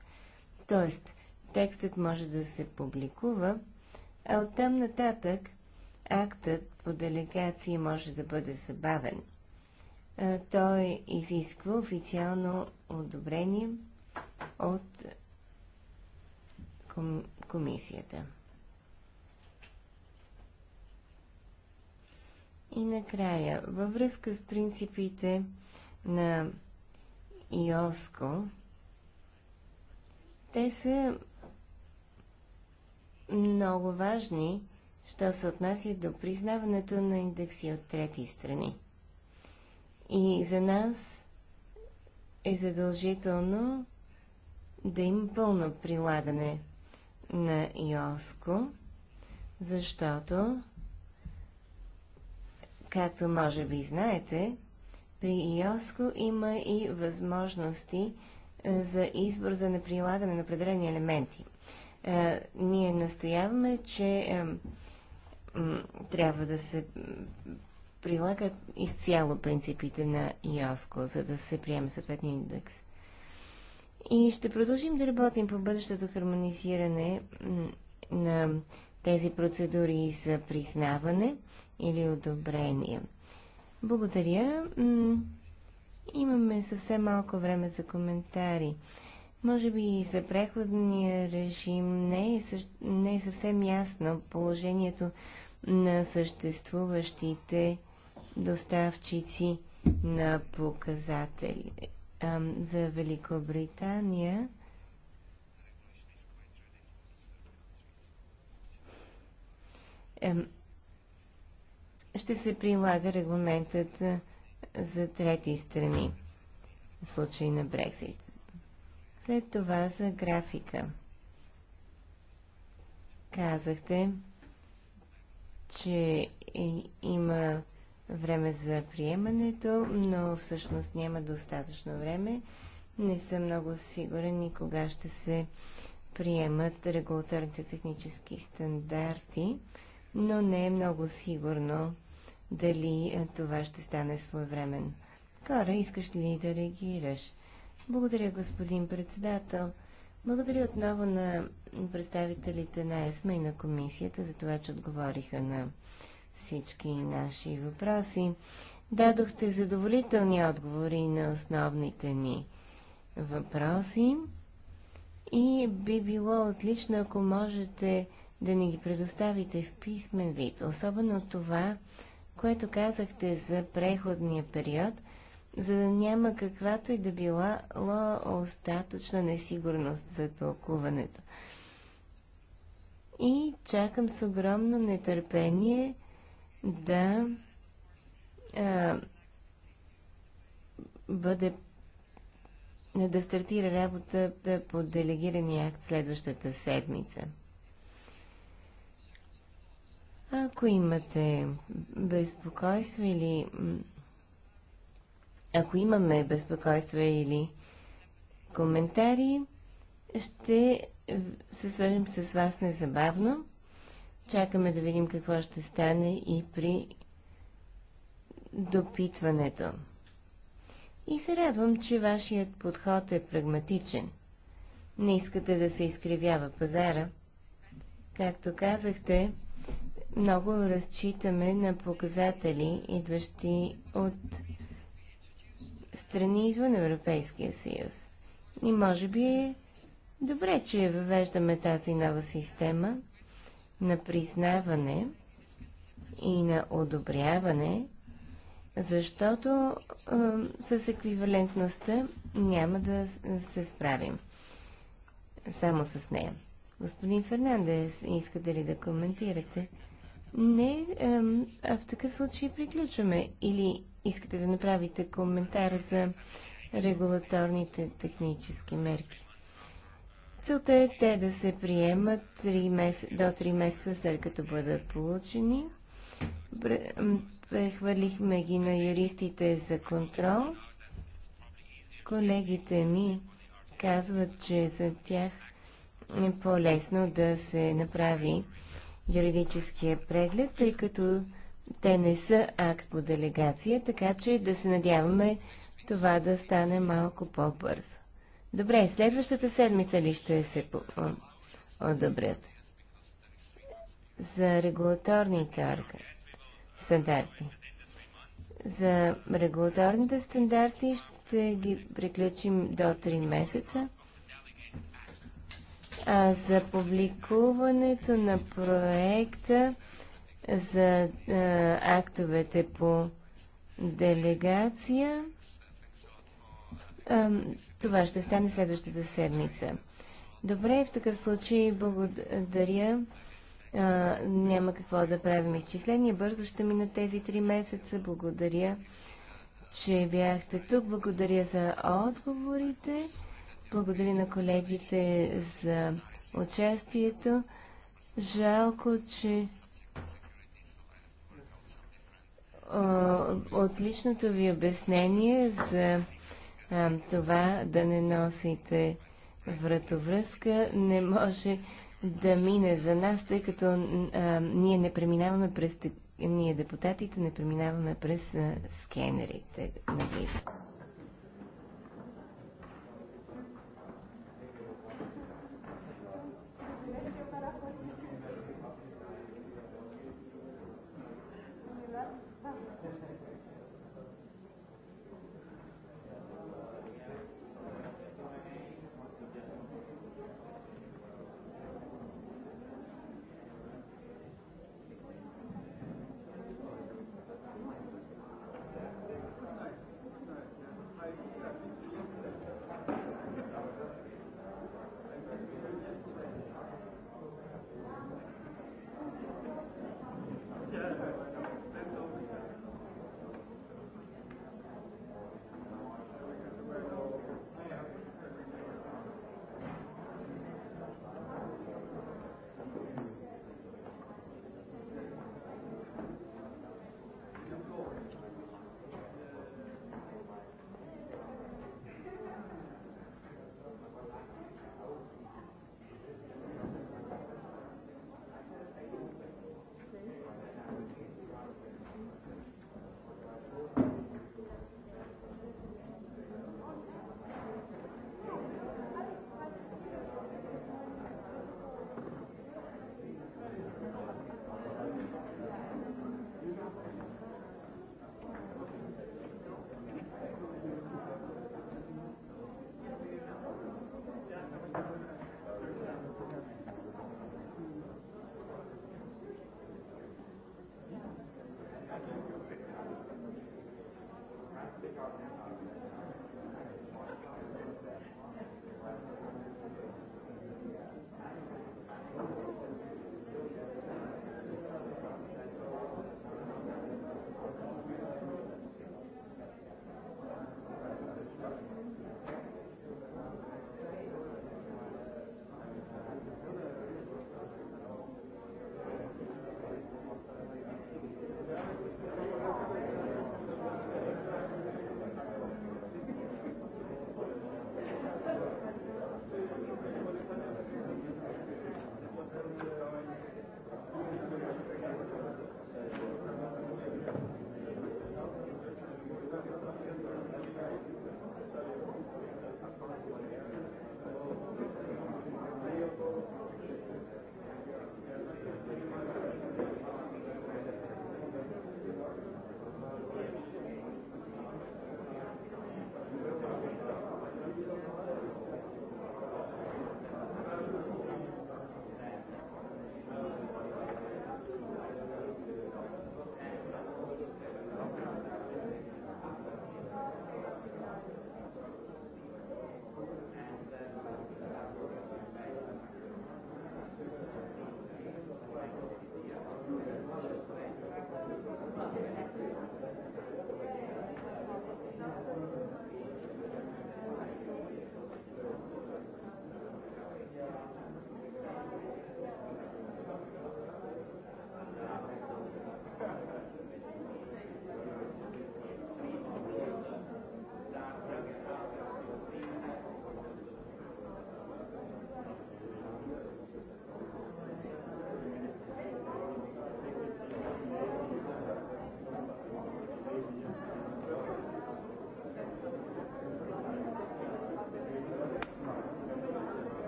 Тоест, текстът може да се публикува, а оттам нататък актът по делегации може да бъде забавен. Той изисква официално одобрение от ком... комисията. И накрая, във връзка с принципите на и ОСКО, те са много важни, що се отнася до признаването на индекси от трети страни. И за нас е задължително да има пълно прилагане на ИОСКО, защото, както може би знаете, при ИОСКО има и възможности е, за избор за неприлагане на определени елементи. Е, ние настояваме, че е, трябва да се прилагат изцяло принципите на ИОСКО, за да се приеме съответния индекс. И ще продължим да работим по бъдещето хармонизиране на тези процедури за признаване или одобрение. Благодаря. Имаме съвсем малко време за коментари. Може би и за преходния режим не е, същ... не е съвсем ясно положението на съществуващите доставчици на показатели. За Великобритания ще се прилага регламентът за трети страни в случай на Брексит. След това за графика. Казахте, че има време за приемането, но всъщност няма достатъчно време. Не съм много сигурен и кога ще се приемат регулаторните технически стандарти, но не е много сигурно дали е, това ще стане своевременно. Кора, искаш ли да реагираш? Благодаря, господин председател. Благодаря отново на представителите на ЕСМА и на комисията за това, че отговориха на всички наши въпроси. Дадохте задоволителни отговори на основните ни въпроси и би било отлично, ако можете да ни ги предоставите в писмен вид. Особено това, което казахте за преходния период, за да няма каквато и да била остатъчна несигурност за тълкуването. И чакам с огромно нетърпение да а, бъде да стартира работата по делегирания акт следващата седмица. Ако имате безпокойство или... Ако имаме безпокойство или коментари, ще се свържем с вас незабавно. Чакаме да видим какво ще стане и при допитването. И се радвам, че вашият подход е прагматичен. Не искате да се изкривява пазара. Както казахте, много разчитаме на показатели, идващи от страни извън Европейския съюз. И може би е добре, че въвеждаме тази нова система на признаване и на одобряване, защото е, с еквивалентността няма да се справим. Само с нея. Господин Фернандес, искате ли да коментирате? Не, а в такъв случай приключваме. Или искате да направите коментар за регулаторните технически мерки? Целта е те да се приемат 3 мес... до 3 месеца след като бъдат получени. Прехвърлихме ги на юристите за контрол. Колегите ми казват, че за тях е по-лесно да се направи юридическия преглед, тъй като те не са акт по делегация, така че да се надяваме това да стане малко по-бързо. Добре, следващата седмица ли ще се одобрят? За регулаторните стандарти. За регулаторните стандарти ще ги приключим до 3 месеца а, за публикуването на проекта за а, актовете по делегация. А, това ще стане следващата седмица. Добре, в такъв случай благодаря. А, няма какво да правим изчисления. Бързо ще мина тези три месеца. Благодаря, че бяхте тук. Благодаря за отговорите. Благодаря на колегите за участието. Жалко, че отличното ви обяснение за това да не носите вратовръзка не може да мине за нас, тъй като ние не преминаваме през ние депутатите не преминаваме през скенерите на нали?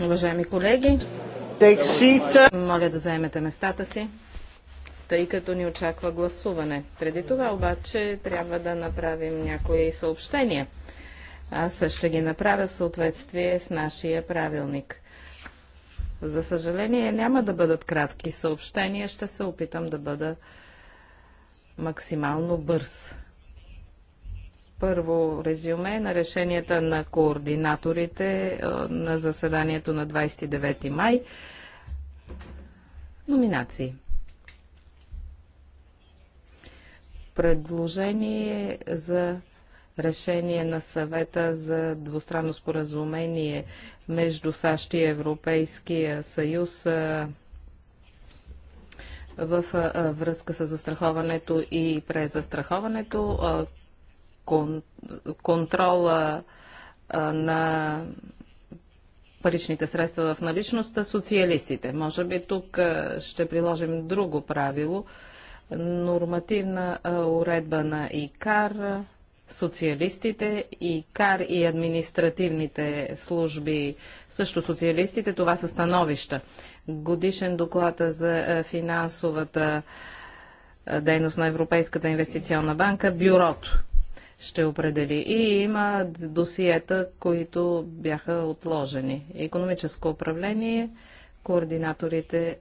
Уважаеми колеги, моля да заемете местата си, тъй като ни очаква гласуване. Преди това обаче трябва да направим някои съобщения. Аз ще ги направя в съответствие с нашия правилник. За съжаление няма да бъдат кратки съобщения, ще се опитам да бъда максимално бърз. Първо резюме на решенията на координаторите е, на заседанието на 29 май. Номинации. Предложение за решение на съвета за двустранно споразумение между САЩ и Европейския съюз е, в е, връзка с застраховането и презастраховането кон, контрола а, на паричните средства в наличността социалистите. Може би тук а, ще приложим друго правило. Нормативна а, уредба на ИКАР, социалистите, ИКАР и административните служби, също социалистите, това са становища. Годишен доклад за финансовата дейност на Европейската инвестиционна банка, бюрото ще определи. И има досиета, които бяха отложени. Економическо управление координаторите е,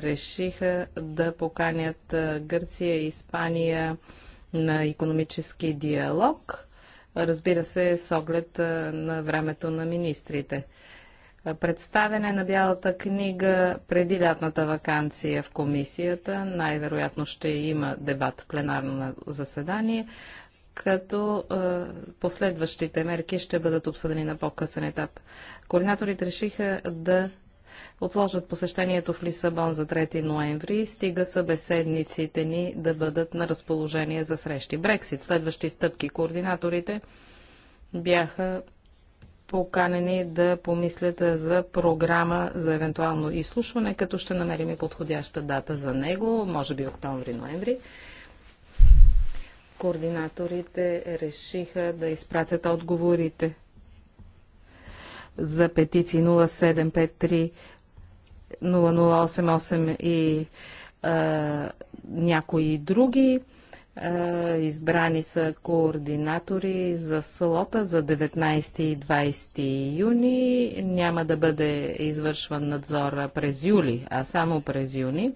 решиха да поканят е, Гърция и Испания на економически диалог, разбира се, с оглед е, на времето на министрите. Представене на Бялата книга преди лятната вакансия в комисията. Най-вероятно ще има дебат в пленарно заседание като е, последващите мерки ще бъдат обсъдени на по-късен етап. Координаторите решиха да отложат посещението в Лисабон за 3 ноември, стига събеседниците ни да бъдат на разположение за срещи. Брексит, следващи стъпки. Координаторите бяха поканени да помислят за програма за евентуално изслушване, като ще намерим и подходяща дата за него, може би октомври-ноември. Координаторите решиха да изпратят отговорите за петиции 0753 0088 и а, някои други. А, избрани са координатори за слота за 19 и 20 юни. Няма да бъде извършван надзор през юли, а само през юни.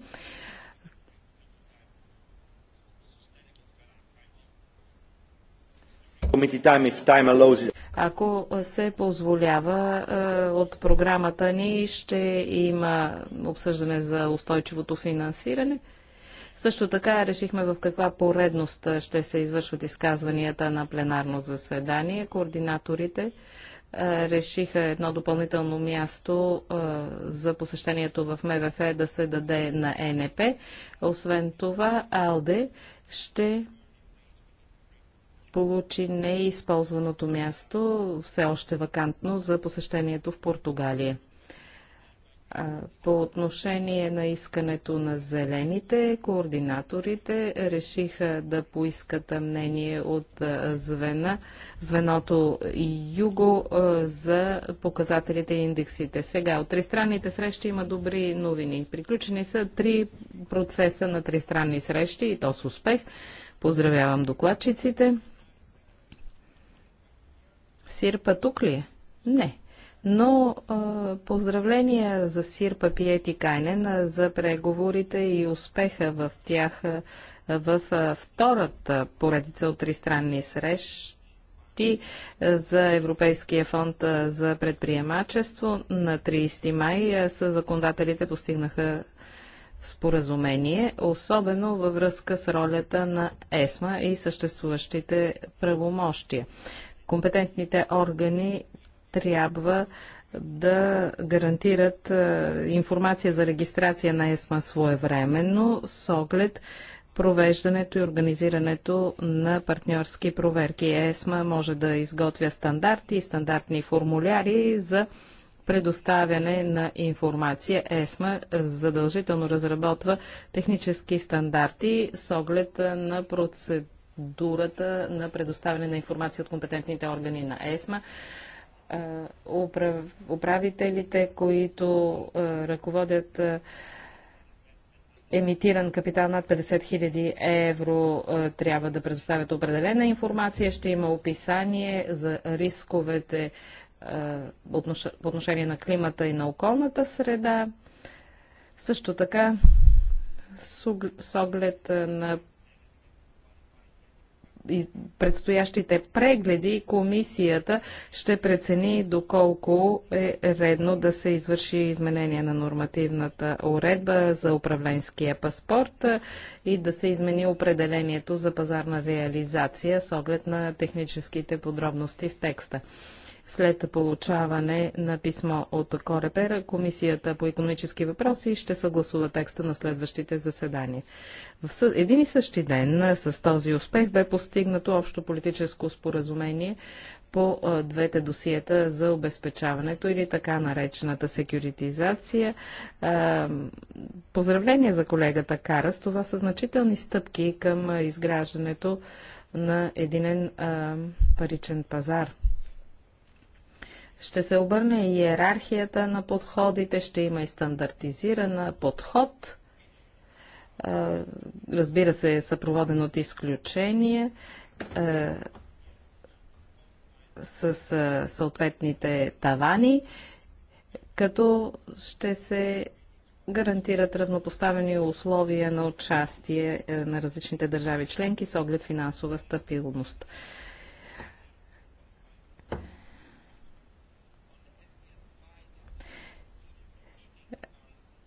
Ако се позволява е, от програмата ни, ще има обсъждане за устойчивото финансиране. Също така решихме в каква поредност ще се извършват изказванията на пленарно заседание. Координаторите е, решиха едно допълнително място е, за посещението в МВФ да се даде на НП, Освен това, АЛДЕ ще получи неизползваното място, все още вакантно, за посещението в Португалия. По отношение на искането на зелените, координаторите решиха да поискат мнение от звена, звеното Юго за показателите и индексите. Сега от тристранните срещи има добри новини. Приключени са три процеса на тристранни срещи и то с успех. Поздравявам докладчиците. Сирпа тук ли е? Не. Но а, поздравления за Сирпа Пиети Кайнен за преговорите и успеха в тях в втората поредица от тристранни срещи за Европейския фонд за предприемачество. На 30 май с законодателите постигнаха споразумение, особено във връзка с ролята на ЕСМА и съществуващите правомощия компетентните органи трябва да гарантират информация за регистрация на ЕСМА своевременно с оглед провеждането и организирането на партньорски проверки. ЕСМА може да изготвя стандарти и стандартни формуляри за предоставяне на информация. ЕСМА задължително разработва технически стандарти с оглед на процедурата процедурата на предоставяне на информация от компетентните органи на ЕСМА. Управителите, които ръководят емитиран капитал над 50 000 евро трябва да предоставят определена информация. Ще има описание за рисковете по отношение на климата и на околната среда. Също така, с оглед на предстоящите прегледи комисията ще прецени доколко е редно да се извърши изменение на нормативната уредба за управленския паспорт и да се измени определението за пазарна реализация с оглед на техническите подробности в текста. След получаване на писмо от Корепера, Комисията по економически въпроси ще съгласува текста на следващите заседания. В един и същи ден с този успех бе постигнато общо политическо споразумение по двете досиета за обезпечаването или така наречената секюритизация. Поздравление за колегата Карас. Това са значителни стъпки към изграждането на единен паричен пазар ще се обърне и иерархията на подходите, ще има и стандартизирана подход, разбира се, е съпроводен от изключение с съответните тавани, като ще се гарантират равнопоставени условия на участие на различните държави членки с оглед финансова стабилност.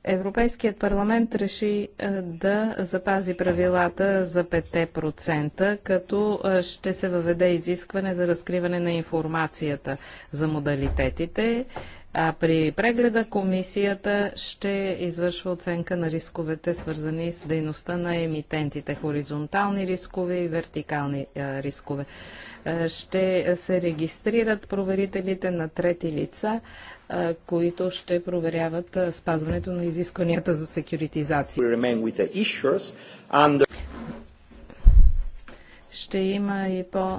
Европейският парламент реши е, да запази правилата за 5%, като е, ще се въведе изискване за разкриване на информацията за модалитетите, а при прегледа комисията ще извършва оценка на рисковете, свързани с дейността на емитентите, хоризонтални рискове и вертикални е, рискове. Ще се регистрират проверителите на трети лица, които ще проверяват спазването на изискванията за секюритизация. Ще има и по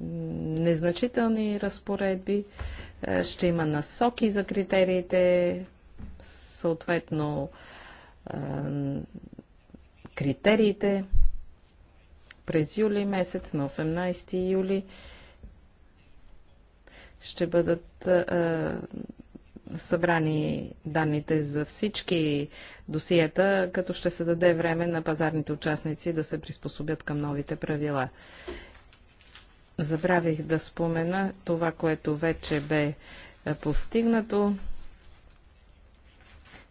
незначителни разпоредби, ще има насоки за критериите, съответно критериите през юли месец на 18 юли ще бъдат събрани данните за всички досиета, като ще се даде време на пазарните участници да се приспособят към новите правила. Забравих да спомена това, което вече бе постигнато.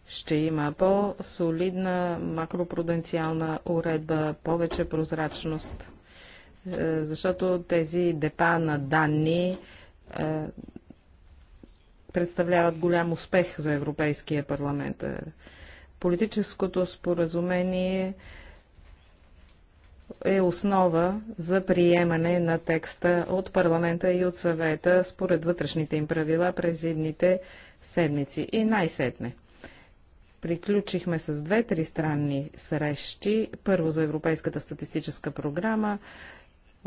Ще има по-солидна макропруденциална уредба, повече прозрачност, защото тези депа на данни е, представляват голям успех за Европейския парламент. Е, политическото споразумение е основа за приемане на текста от парламента и от съвета според вътрешните им правила през едните седмици. И най-сетне. Приключихме с две тристранни срещи. Първо за Европейската статистическа програма,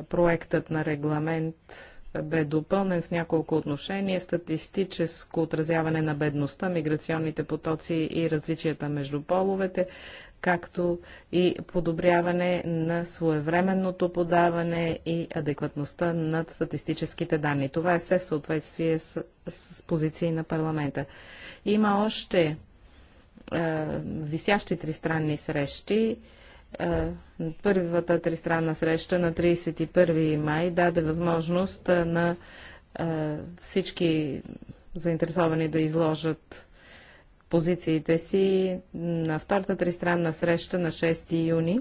проектът на регламент бе допълнен в няколко отношения статистическо отразяване на бедността, миграционните потоци и различията между половете, както и подобряване на своевременното подаване и адекватността над статистическите данни. Това е все в съответствие с, с позиции на парламента. Има още е, висящи тристранни срещи. Е, първата тристранна среща на 31 май даде възможност е, на е, всички заинтересовани да изложат позициите си. На втората тристранна среща на 6 юни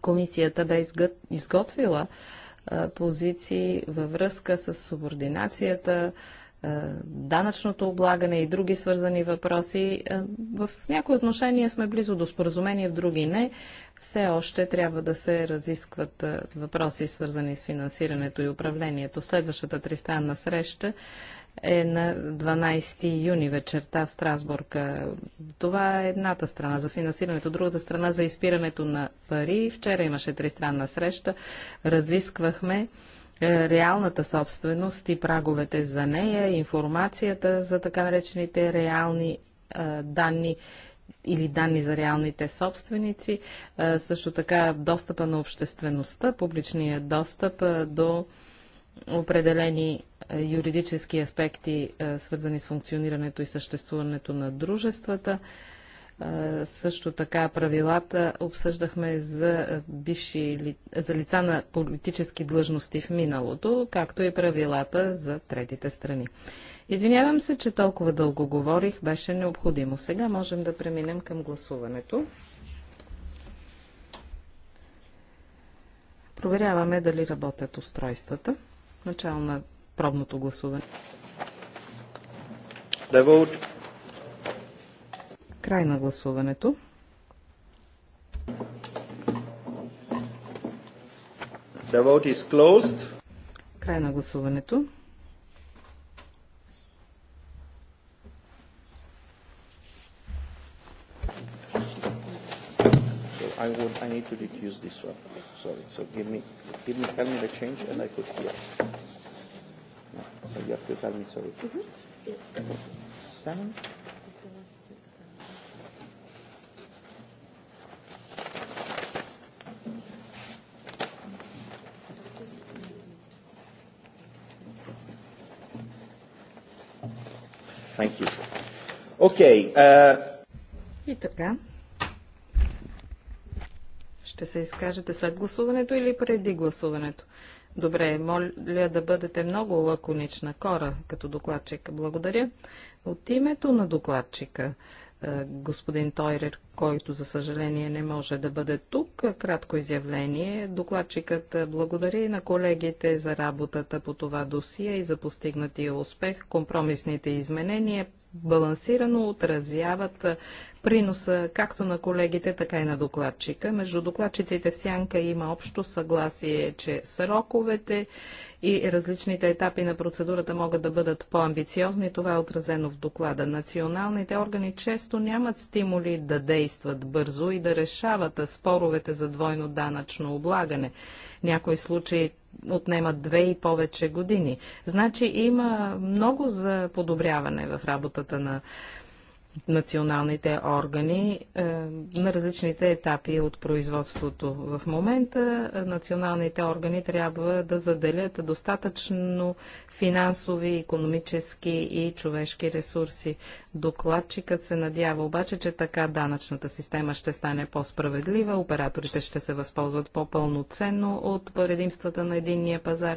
комисията бе изготвила позиции във връзка с субординацията, е, данъчното облагане и други свързани въпроси. Е, в някои отношения сме близо до споразумение, в други не. Все още трябва да се разискват е, въпроси, свързани с финансирането и управлението. Следващата тристранна среща е на 12 юни вечерта в Страсбург. Това е едната страна за финансирането, другата страна за изпирането на пари. Вчера имаше тристранна среща. Разисквахме е, реалната собственост и праговете за нея, информацията за така наречените реални а, е, данни или данни за реалните собственици, е, също така достъпа на обществеността, публичния достъп до определени юридически аспекти, свързани с функционирането и съществуването на дружествата, също така правилата обсъждахме за бивши за лица на политически длъжности в миналото, както и правилата за третите страни. Извинявам се, че толкова дълго говорих, беше необходимо. Сега можем да преминем към гласуването. Проверяваме дали работят устройствата. Начало на пробното гласуване. vote Край на гласуването. The vote is closed. Край на гласуването. I would I need to reduce this one. Sorry. So give me give me tell me the change and I could hear. No, so you have to tell me sorry. Mm-hmm. Seven. Окей. Okay, И така. Ще се изкажете след гласуването или преди гласуването? Добре, моля да бъдете много лаконична кора като докладчик. Благодаря. От името на докладчика, господин Тойрер, който за съжаление не може да бъде тук. Кратко изявление. Докладчикът благодари на колегите за работата по това досие и за постигнатия успех. Компромисните изменения балансирано отразяват приноса както на колегите, така и на докладчика. Между докладчиците в Сянка има общо съгласие, че сроковете и различните етапи на процедурата могат да бъдат по-амбициозни. Това е отразено в доклада. Националните органи често нямат стимули да действат действат бързо и да решават споровете за двойно данъчно облагане. Някои случаи отнемат две и повече години. Значи има много за подобряване в работата на националните органи е, на различните етапи от производството. В момента националните органи трябва да заделят достатъчно финансови, економически и човешки ресурси. Докладчикът се надява обаче, че така данъчната система ще стане по-справедлива, операторите ще се възползват по-пълноценно от предимствата на единния пазар.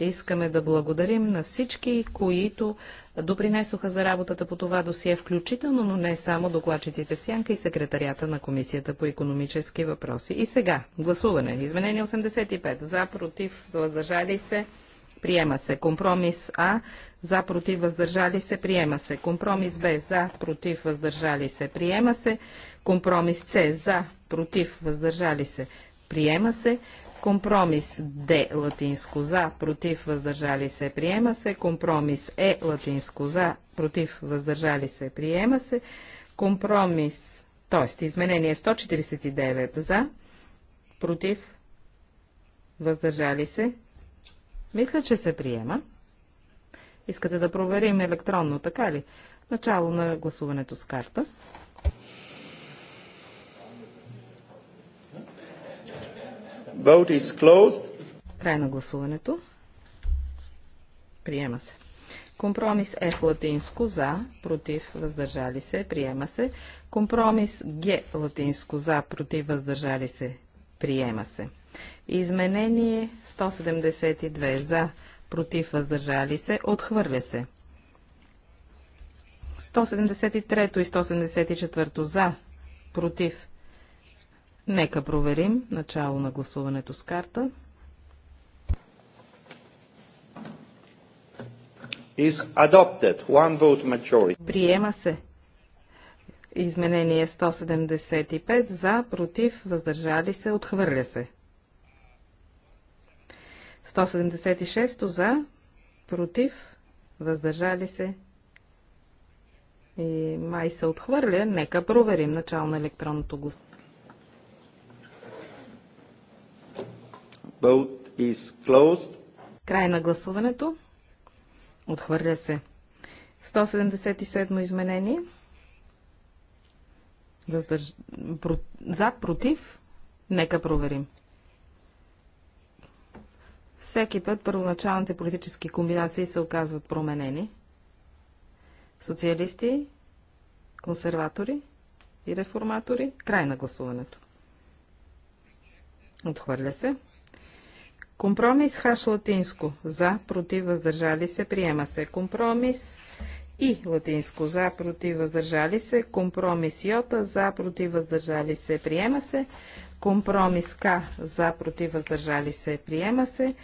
Искаме да благодарим на всички, които допринесоха за работата по това досие, включително, но не само докладчиците Сянка и секретарията на Комисията по економически въпроси. И сега, гласуване. Изменение 85. За, против, въздържали се. Приема се. Компромис А. За, против, въздържали се. Приема се. Компромис Б. За, против, въздържали се. Приема се. Компромис С. За, против, въздържали се. Приема се. Компромис Д латинско за, против, въздържали се, приема се. Компромис Е латинско за, против, въздържали се, приема се. Компромис, т.е. изменение 149 за, против, въздържали се, мисля, че се приема. Искате да проверим електронно, така ли? Начало на гласуването с карта. Vote is closed. Край на гласуването. Приема се. Компромис F е латинско за, против, въздържали се, приема се. Компромис Г латинско за, против, въздържали се, приема се. Изменение 172 за, против, въздържали се, отхвърля се. 173 и 174 за, против. Нека проверим начало на гласуването с карта. Is adopted. One vote majority. Приема се. Изменение 175 за, против, въздържали се, отхвърля се. 176 за, против, въздържали се. И май се отхвърля. Нека проверим начало на електронното гласуване. Край на гласуването. Отхвърля се. 177 изменение. Въздърж... Про... За, против. Нека проверим. Всеки път първоначалните политически комбинации се оказват променени. Социалисти, консерватори и реформатори. Край на гласуването. Отхвърля се. Компромис хаш латинско. За, против, въздържали се, приема се. Компромис и латинско. За, против, въздържали се. Компромис йота. За, против, въздържали се, приема се. Компромис К за против въздържали се приема се.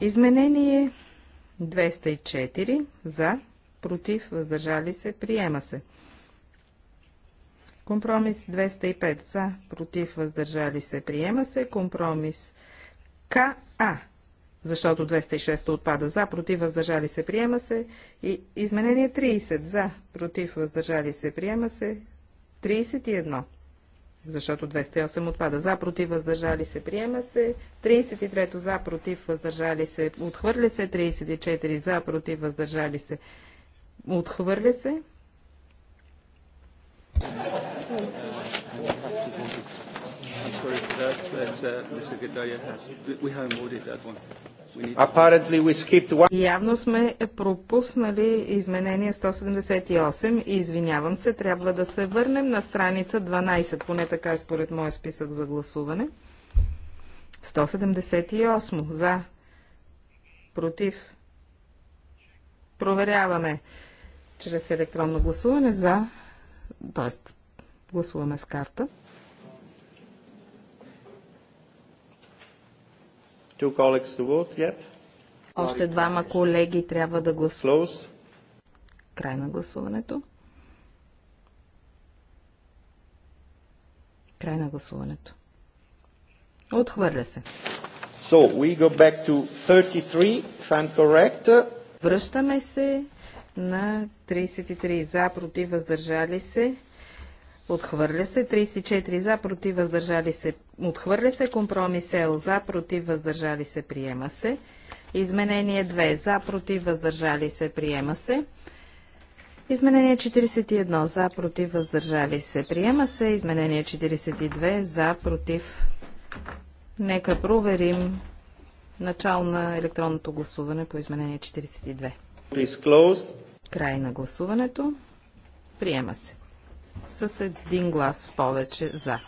Изменение 204 за против въздържали се приема се. Компромис 205 за против въздържали се приема се. Компромис КА защото 206 отпада за, против въздържали се, приема се. И изменение 30 за, против въздържали се, приема се. 31 защото 208 отпада. За, против, въздържали се, приема се. 33 за, против, въздържали се, отхвърля се. 34 за, против, въздържали се, отхвърля се. I'm sorry for that, but uh, uh has, we haven't that one. Явно сме пропуснали изменение 178. Извинявам се, трябва да се върнем на страница 12, поне така е според моя списък за гласуване. 178. За. Против. Проверяваме чрез електронно гласуване за. Тоест, гласуваме с карта. 178. Още двама колеги трябва да гласуват. Край на гласуването. Край на гласуването. Отхвърля се. So we go back to 33, fan correct. Връщаме се на 33 за, против, въздържали се. Отхвърля се 34 за, против въздържали се. Отхвърля се компромис Л за, против въздържали се, приема се. Изменение 2 за, против въздържали се, приема се. Изменение 41 за, против въздържали се, приема се. Изменение 42 за, против. Нека проверим начало на електронното гласуване по изменение 42. Край на гласуването. Приема се с един глас повече за.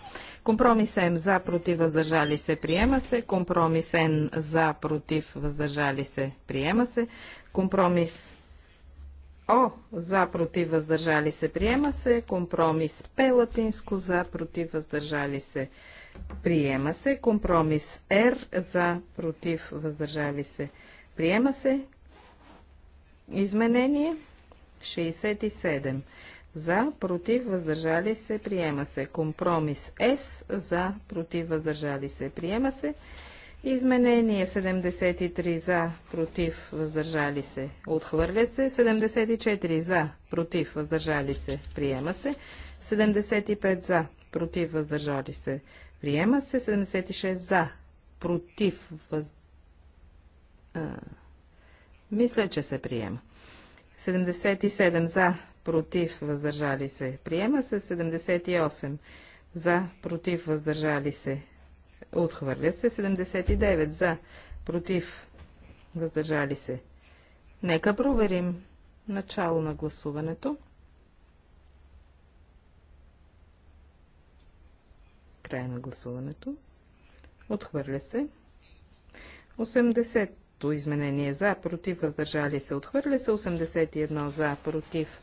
Компромис М за, против, въздържали се, приема се. Компромис Н за, против, въздържали се, приема се. Компромис О за, против, въздържали се, приема се. Компромис П латинско за, против, въздържали се, приема се. Компромис Р за, против, въздържали се, приема се. Изменение 67 за, против, въздържали се, приема се. Компромис С за, против, въздържали се, приема се. Изменение 73 за, против, въздържали се, отхвърля се. 74 за, против, въздържали се, приема се. 75 за, против, въздържали се, приема се. 76 за, против, въз... а, мисля, че се приема. 77 за, против, въздържали се. Приема се 78 за, против, въздържали се. Отхвърля се 79 за, против, въздържали се. Нека проверим начало на гласуването. Край на гласуването. Отхвърля се. 80-то изменение за, против, въздържали се. Отхвърля се 81 за, против,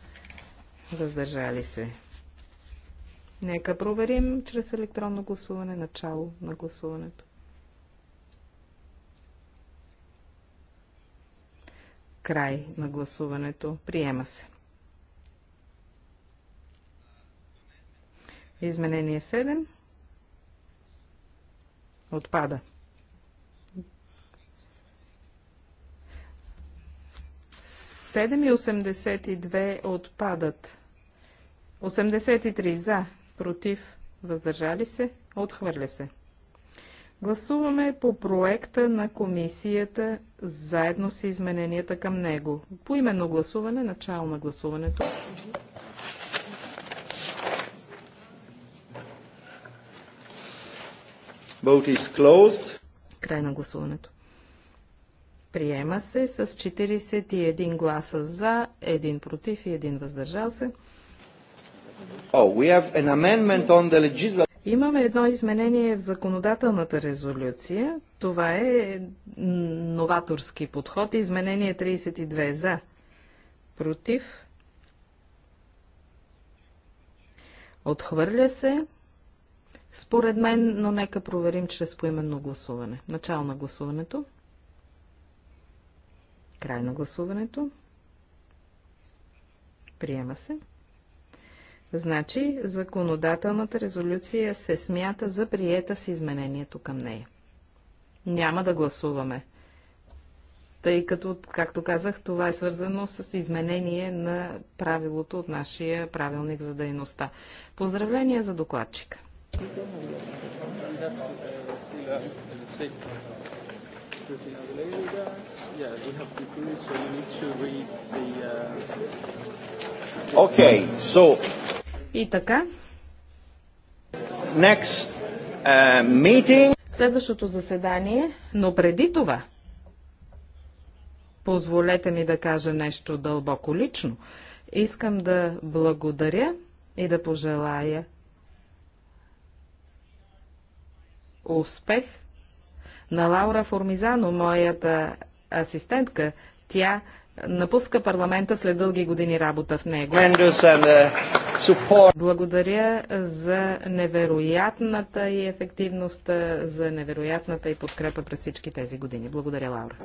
въздържали се. Нека проверим чрез електронно гласуване начало на гласуването. Край на гласуването. Приема се. Изменение 7. Отпада. Седем и 82 отпадат. 83 за, против, въздържали се, отхвърля се. Гласуваме по проекта на комисията заедно с измененията към него. По именно гласуване, начало на гласуването. Vote is closed. Край на гласуването. Приема се с 41 гласа за, 1 против и 1 въздържал се. Oh, Имаме едно изменение в законодателната резолюция. Това е новаторски подход. Изменение 32 е за. Против. Отхвърля се. Според мен, но нека проверим чрез поименно гласуване. Начало на гласуването. Край на гласуването. Приема се. Значи, законодателната резолюция се смята за приета с изменението към нея. Няма да гласуваме, тъй като, както казах, това е свързано с изменение на правилото от нашия правилник за дейността. Поздравления за докладчика! Okay, so и така. Next, uh, meeting. Следващото заседание, но преди това, позволете ми да кажа нещо дълбоко лично. Искам да благодаря и да пожелая успех на Лаура Формизано, моята асистентка. Тя напуска парламента след дълги години работа в него. Uh, Благодаря за невероятната и ефективност, за невероятната и подкрепа през всички тези години. Благодаря, Лаура.